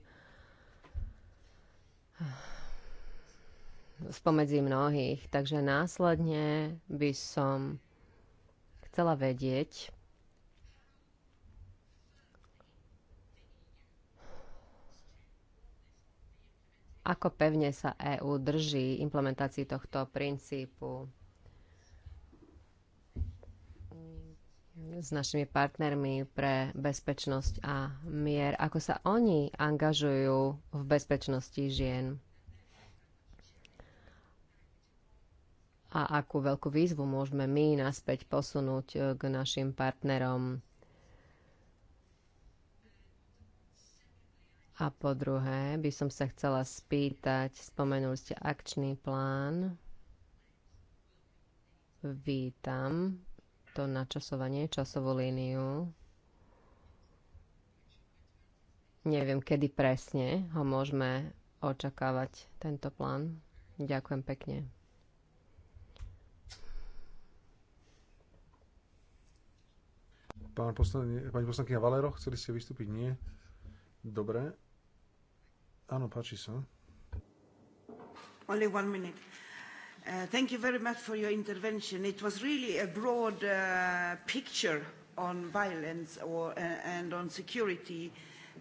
Speaker 3: spomedzi mnohých. Takže následne by som chcela vedieť, Ako pevne sa EÚ drží implementácii tohto princípu s našimi partnermi pre bezpečnosť a mier? Ako sa oni angažujú v bezpečnosti žien? A akú veľkú výzvu môžeme my naspäť posunúť eh, k našim partnerom A po druhé, by som sa chcela spýtať, spomenuli ste akčný plán. Vítam to načasovanie, časovú líniu. Neviem, kedy presne ho môžeme očakávať, tento plán. Ďakujem pekne.
Speaker 2: Pán poslanky, pani poslankyňa Valero, chceli ste vystúpiť? Nie. Dobre. Áno, páči sa.
Speaker 1: Only one minute. Uh, thank you very much for your intervention. It was really a broad uh, picture on violence or, uh, and on security.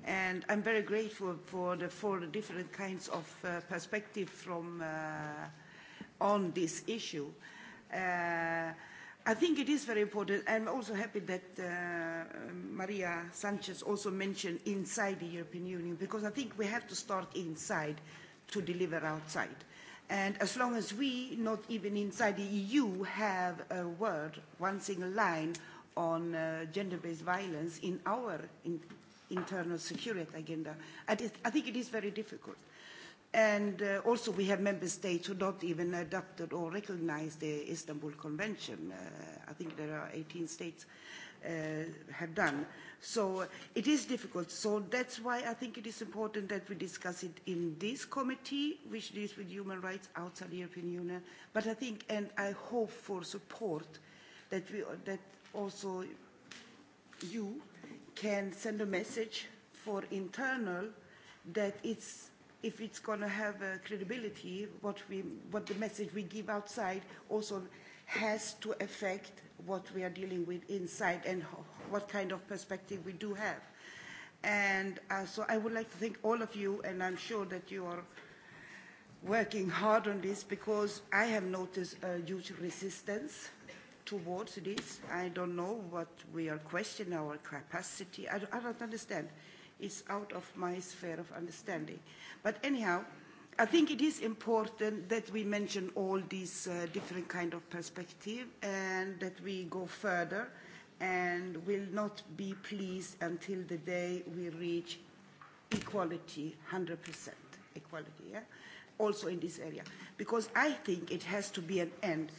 Speaker 1: And I'm very grateful for the, four different kinds of uh, perspective from, uh, on this issue. Uh, i think it is very important. I'm also happy that uh, Maria Sanchez also mentioned inside the European Union because I think we have to start inside to deliver outside. And as long as we, not even inside the EU, have a word, one single line on uh, gender-based violence in our in internal security agenda, I, just, I think it is very difficult. And uh, also we have member states who not even adopted or recognized the Istanbul Convention. Uh, I think there are 18 states uh, have done. So it is difficult. So that's why I think it is important that we discuss it in this committee, which deals with human rights outside the European Union. But I think, and I hope for support, that, we, that also you can send a message for internal that it's if it's going to have uh, credibility, what, we, what the message we give outside also has to affect what we are dealing with inside and what kind of perspective we do have. And uh, so I would like to thank all of you, and I'm sure that you are working hard on this because I have noticed a huge resistance towards this. I don't know what we are questioning our capacity. I, don't I don't understand is out of my sphere of understanding. But anyhow, I think it is important that we mention all these uh, different kind of perspective and that we go further and will not be pleased until the day we reach equality, 100% equality, yeah? also in this area. Because I think it has to be an end.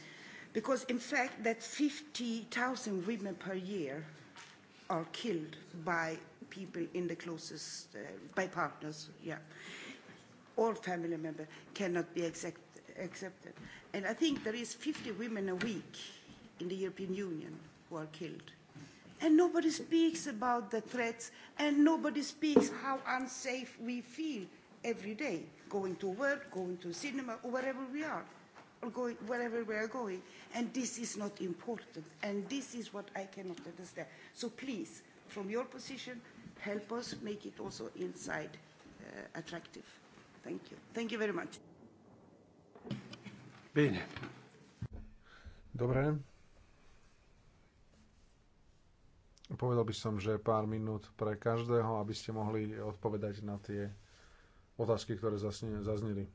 Speaker 1: Because in fact that 50,000 women per year are killed by people in the closest, uh, by partners, yeah, or family member cannot be accept, accepted. And I think there is 50 women a week in the European Union who are killed. And nobody speaks about the threats, and nobody speaks how unsafe we feel every day, going to work, going to cinema, or wherever we are, or going wherever we are going. And this is not important. And this is what I cannot understand. So please, from your position, help us make it also inside uh, attractive. Thank you. Thank you very much.
Speaker 2: Bene. Dobre. Povedal by som, že pár minút pre každého, aby ste mohli odpovedať na tie otázky, ktoré zazneli.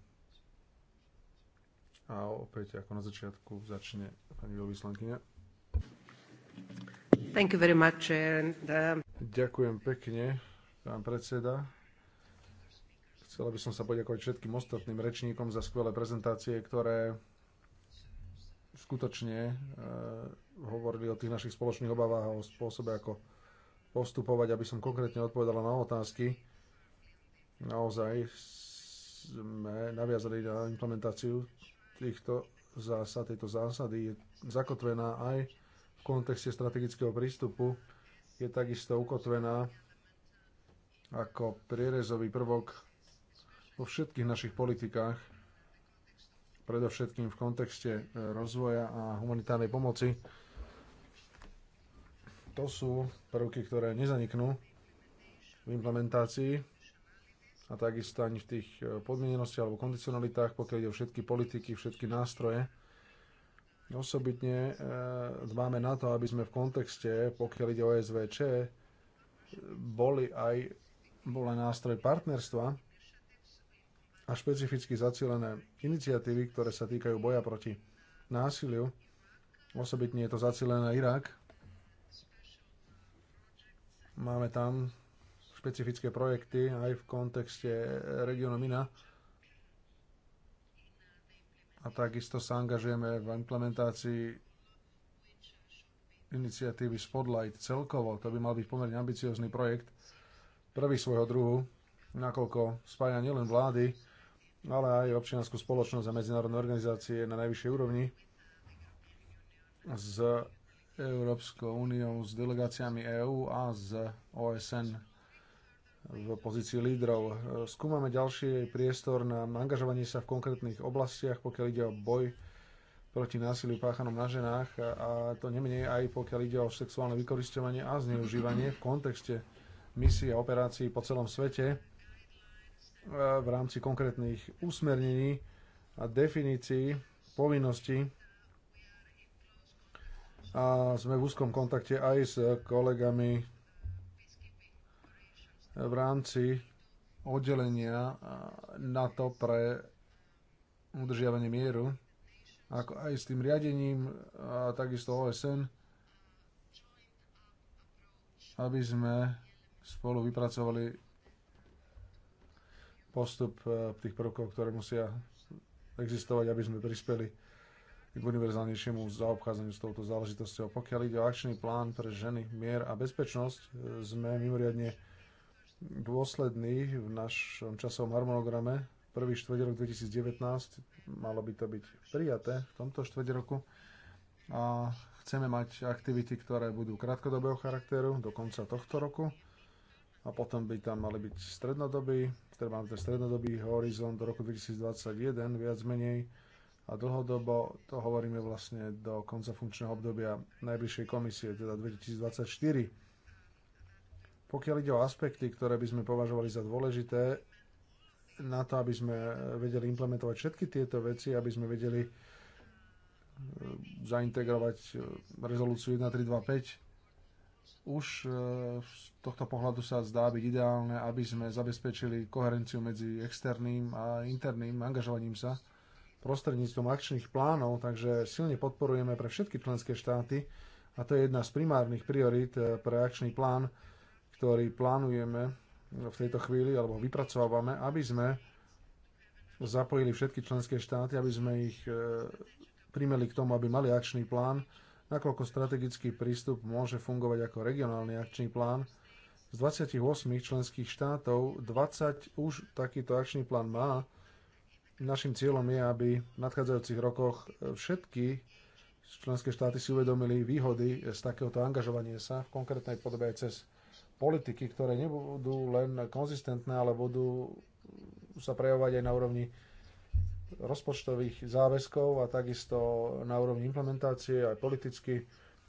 Speaker 2: A opäť, ako na začiatku, začne pani veľvyslankyňa. Thank you very much. And, um... Ďakujem pekne, pán predseda. Chcela by som sa poďakovať všetkým ostatným rečníkom za skvelé prezentácie, ktoré skutočne e, hovorili o tých našich spoločných obavách a o spôsobe, ako postupovať, aby som konkrétne odpovedala na otázky. Naozaj sme naviazali na implementáciu týchto zásad, tejto zásady je zakotvená aj v kontexte strategického prístupu je takisto ukotvená ako prierezový prvok vo všetkých našich politikách, predovšetkým v kontexte e, rozvoja a humanitárnej pomoci. To sú prvky, ktoré nezaniknú v implementácii a takisto ani v tých e, podmienenostiach alebo kondicionalitách, pokiaľ ide o všetky politiky, všetky nástroje, Osobitne e, dbáme na to, aby sme v kontexte, pokiaľ ide o SVČ, boli aj bol aj nástroj partnerstva a špecificky zacielené iniciatívy, ktoré sa týkajú boja proti násiliu. Osobitne je to zacielené na Irak. Máme tam špecifické projekty aj v kontexte regionu Mina a takisto sa angažujeme v implementácii iniciatívy Spotlight celkovo. To by mal byť pomerne ambiciózny projekt, prvý svojho druhu, nakoľko spája nielen vlády, ale aj občianskú spoločnosť a medzinárodné organizácie na najvyššej úrovni s Európskou úniou, s delegáciami EÚ a s OSN v pozícii lídrov. Skúmame ďalší priestor na angažovanie sa v konkrétnych oblastiach, pokiaľ ide o boj proti násiliu páchanom na ženách a to nemenej aj pokiaľ ide o sexuálne vykoristovanie a zneužívanie v kontexte misií a operácií po celom svete e, v rámci konkrétnych usmernení a definícií povinností a sme v úzkom kontakte aj s kolegami v rámci oddelenia NATO pre udržiavanie mieru, ako aj s tým riadením a takisto OSN, aby sme spolu vypracovali postup e, tých prvkov, ktoré musia existovať, aby sme prispeli k univerzálnejšiemu zaobchádzaniu s touto záležitosťou. Pokiaľ ide o akčný plán pre ženy, mier a bezpečnosť, e, sme mimoriadne dôsledný v našom časovom harmonograme. Prvý štvrť rok 2019 malo by to byť prijaté v tomto štvrť roku. A chceme mať aktivity, ktoré budú krátkodobého charakteru do konca tohto roku. A potom by tam mali byť strednodobý, teda máme ten strednodobý horizont do roku 2021, viac menej. A dlhodobo to hovoríme vlastne do konca funkčného obdobia najbližšej komisie, teda 2024 pokiaľ ide o aspekty, ktoré by sme považovali za dôležité, na to, aby sme vedeli implementovať všetky tieto veci, aby sme vedeli e, zaintegrovať e, rezolúciu 1325. Už e, z tohto pohľadu sa zdá byť ideálne, aby sme zabezpečili koherenciu medzi externým a interným angažovaním sa prostredníctvom akčných plánov, takže silne podporujeme pre všetky členské štáty a to je jedna z primárnych priorít pre akčný plán ktorý plánujeme v tejto chvíli, alebo vypracovávame, aby sme zapojili všetky členské štáty, aby sme ich e, primeli k tomu, aby mali akčný plán, nakoľko strategický prístup môže fungovať ako regionálny akčný plán. Z 28 členských štátov 20 už takýto akčný plán má. Našim cieľom je, aby v nadchádzajúcich rokoch všetky členské štáty si uvedomili výhody z takéhoto angažovania sa v konkrétnej podobe aj cez politiky, ktoré nebudú len konzistentné, ale budú sa prejavovať aj na úrovni rozpočtových záväzkov a takisto na úrovni implementácie aj politicky.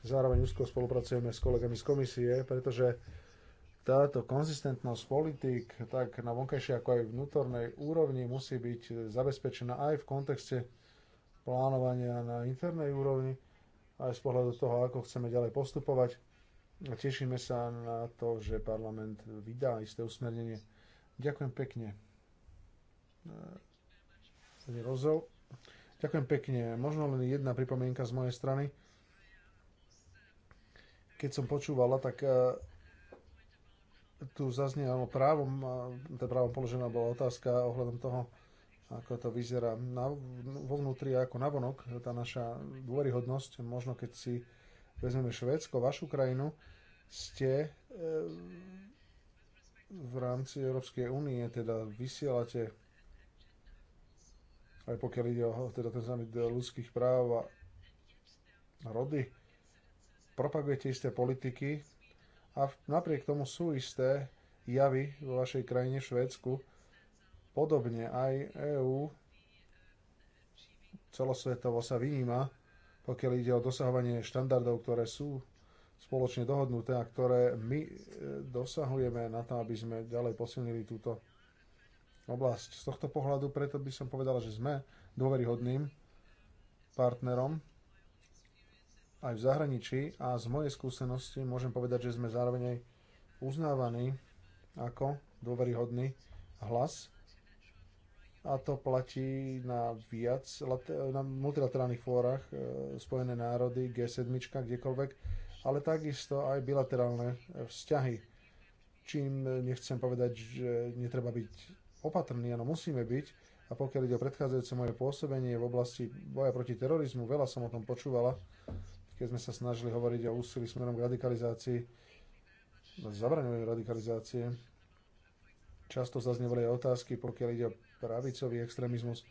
Speaker 2: Zároveň úzko spolupracujeme s kolegami z komisie, pretože táto konzistentnosť politík tak na vonkajšej ako aj vnútornej úrovni musí byť zabezpečená aj v kontexte plánovania na internej úrovni, aj z pohľadu toho, ako chceme ďalej postupovať a tešíme sa na to, že parlament vydá isté usmernenie. Ďakujem pekne. Rozel. Ďakujem pekne. Možno len jedna pripomienka z mojej strany. Keď som počúvala, tak e, tu zaznelo právom, teda právom položená bola otázka ohľadom toho, ako to vyzerá na, vo vnútri a ako navonok, tá naša dôveryhodnosť. Možno keď si vezmeme Švédsko, vašu krajinu, ste e, v rámci Európskej únie, teda vysielate aj pokiaľ ide o teda ten summit e, ľudských práv a rody, propagujete isté politiky a napriek tomu sú isté javy vo vašej krajine Švédsku, podobne aj EÚ celosvetovo sa vyníma pokiaľ ide o dosahovanie štandardov, ktoré sú spoločne dohodnuté a ktoré my e, dosahujeme na to, aby sme ďalej posilnili túto oblasť. Z tohto pohľadu preto by som povedal, že sme dôveryhodným partnerom aj v zahraničí a z mojej skúsenosti môžem povedať, že sme zároveň aj uznávaní ako dôveryhodný hlas a to platí na viac, na multilaterálnych fórach, e, Spojené národy, G7, kdekoľvek, ale takisto aj bilaterálne e, vzťahy. Čím e, nechcem povedať, že netreba byť opatrný, áno, musíme byť. A pokiaľ ide o predchádzajúce moje pôsobenie v oblasti boja proti terorizmu, veľa som o tom počúvala, keď sme sa snažili hovoriť o úsilí smerom k radikalizácii, no, zabraňovaniu radikalizácie, často zaznievali aj otázky, pokiaľ ide o pravicový extrémizmus.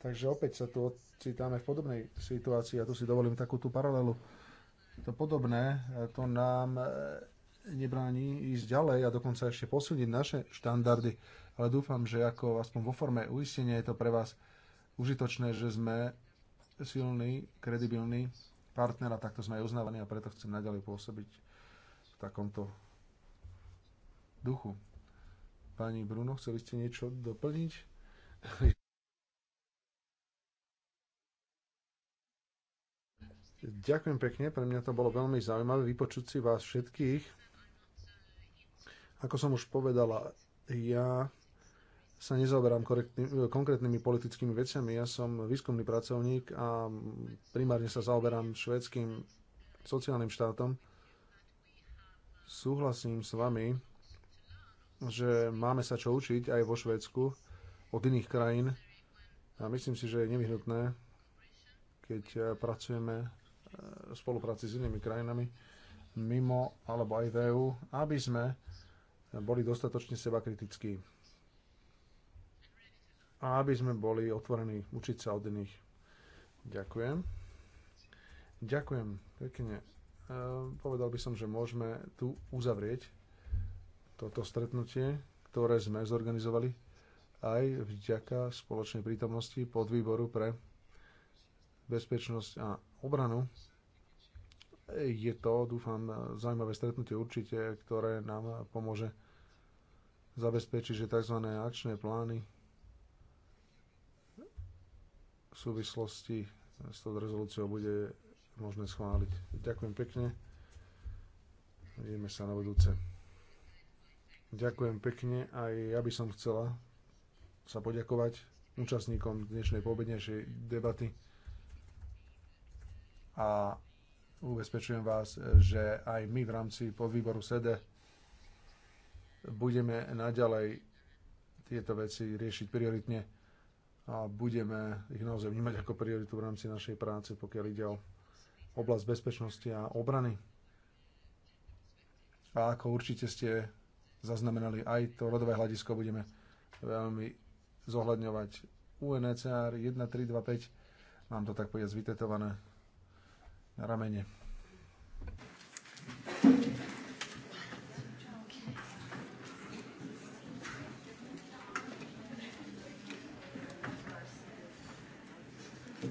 Speaker 2: Takže opäť sa tu ocitáme v podobnej situácii a tu si dovolím takú tú paralelu. To podobné, e, to nám e, nebráni ísť ďalej a dokonca ešte posilniť naše štandardy. Ale dúfam, že ako aspoň vo forme uistenia je to pre vás užitočné, že sme silný, kredibilný partner a takto sme aj uznávaní a preto chcem naďalej pôsobiť v takomto duchu. Pani Bruno, chceli ste niečo doplniť? Ďakujem pekne, pre mňa to bolo veľmi zaujímavé vypočuť si vás všetkých. Ako som už povedala, ja sa nezaoberám konkrétnymi politickými veciami. Ja som výskumný pracovník a primárne sa zaoberám švédským sociálnym štátom. Súhlasím s vami, že máme sa čo učiť aj vo Švédsku od iných krajín a myslím si, že je nevyhnutné, keď e, pracujeme e, v spolupráci s inými krajinami mimo alebo aj v EU, aby sme boli dostatočne seba kritickí a aby sme boli otvorení učiť sa od iných. Ďakujem. Ďakujem pekne. E, povedal by som, že môžeme tu uzavrieť toto stretnutie, ktoré sme zorganizovali aj vďaka spoločnej prítomnosti podvýboru pre bezpečnosť a obranu. Je to, dúfam, zaujímavé stretnutie určite, ktoré nám pomôže zabezpečiť, že tzv. akčné plány v súvislosti s tou rezolúciou bude možné schváliť. Ďakujem pekne. Vidíme sa na budúce. Ďakujem pekne. Aj ja by som chcela sa poďakovať účastníkom dnešnej poobednejšej debaty a ubezpečujem vás, že aj my v rámci podvýboru SEDE budeme naďalej tieto veci riešiť prioritne a budeme ich naozaj vnímať ako prioritu v rámci našej práce, pokiaľ ide o oblasť bezpečnosti a obrany. A ako určite ste zaznamenali, aj to rodové hľadisko budeme veľmi zohľadňovať UNCR 1325. Mám to tak povedať vytetované na ramene.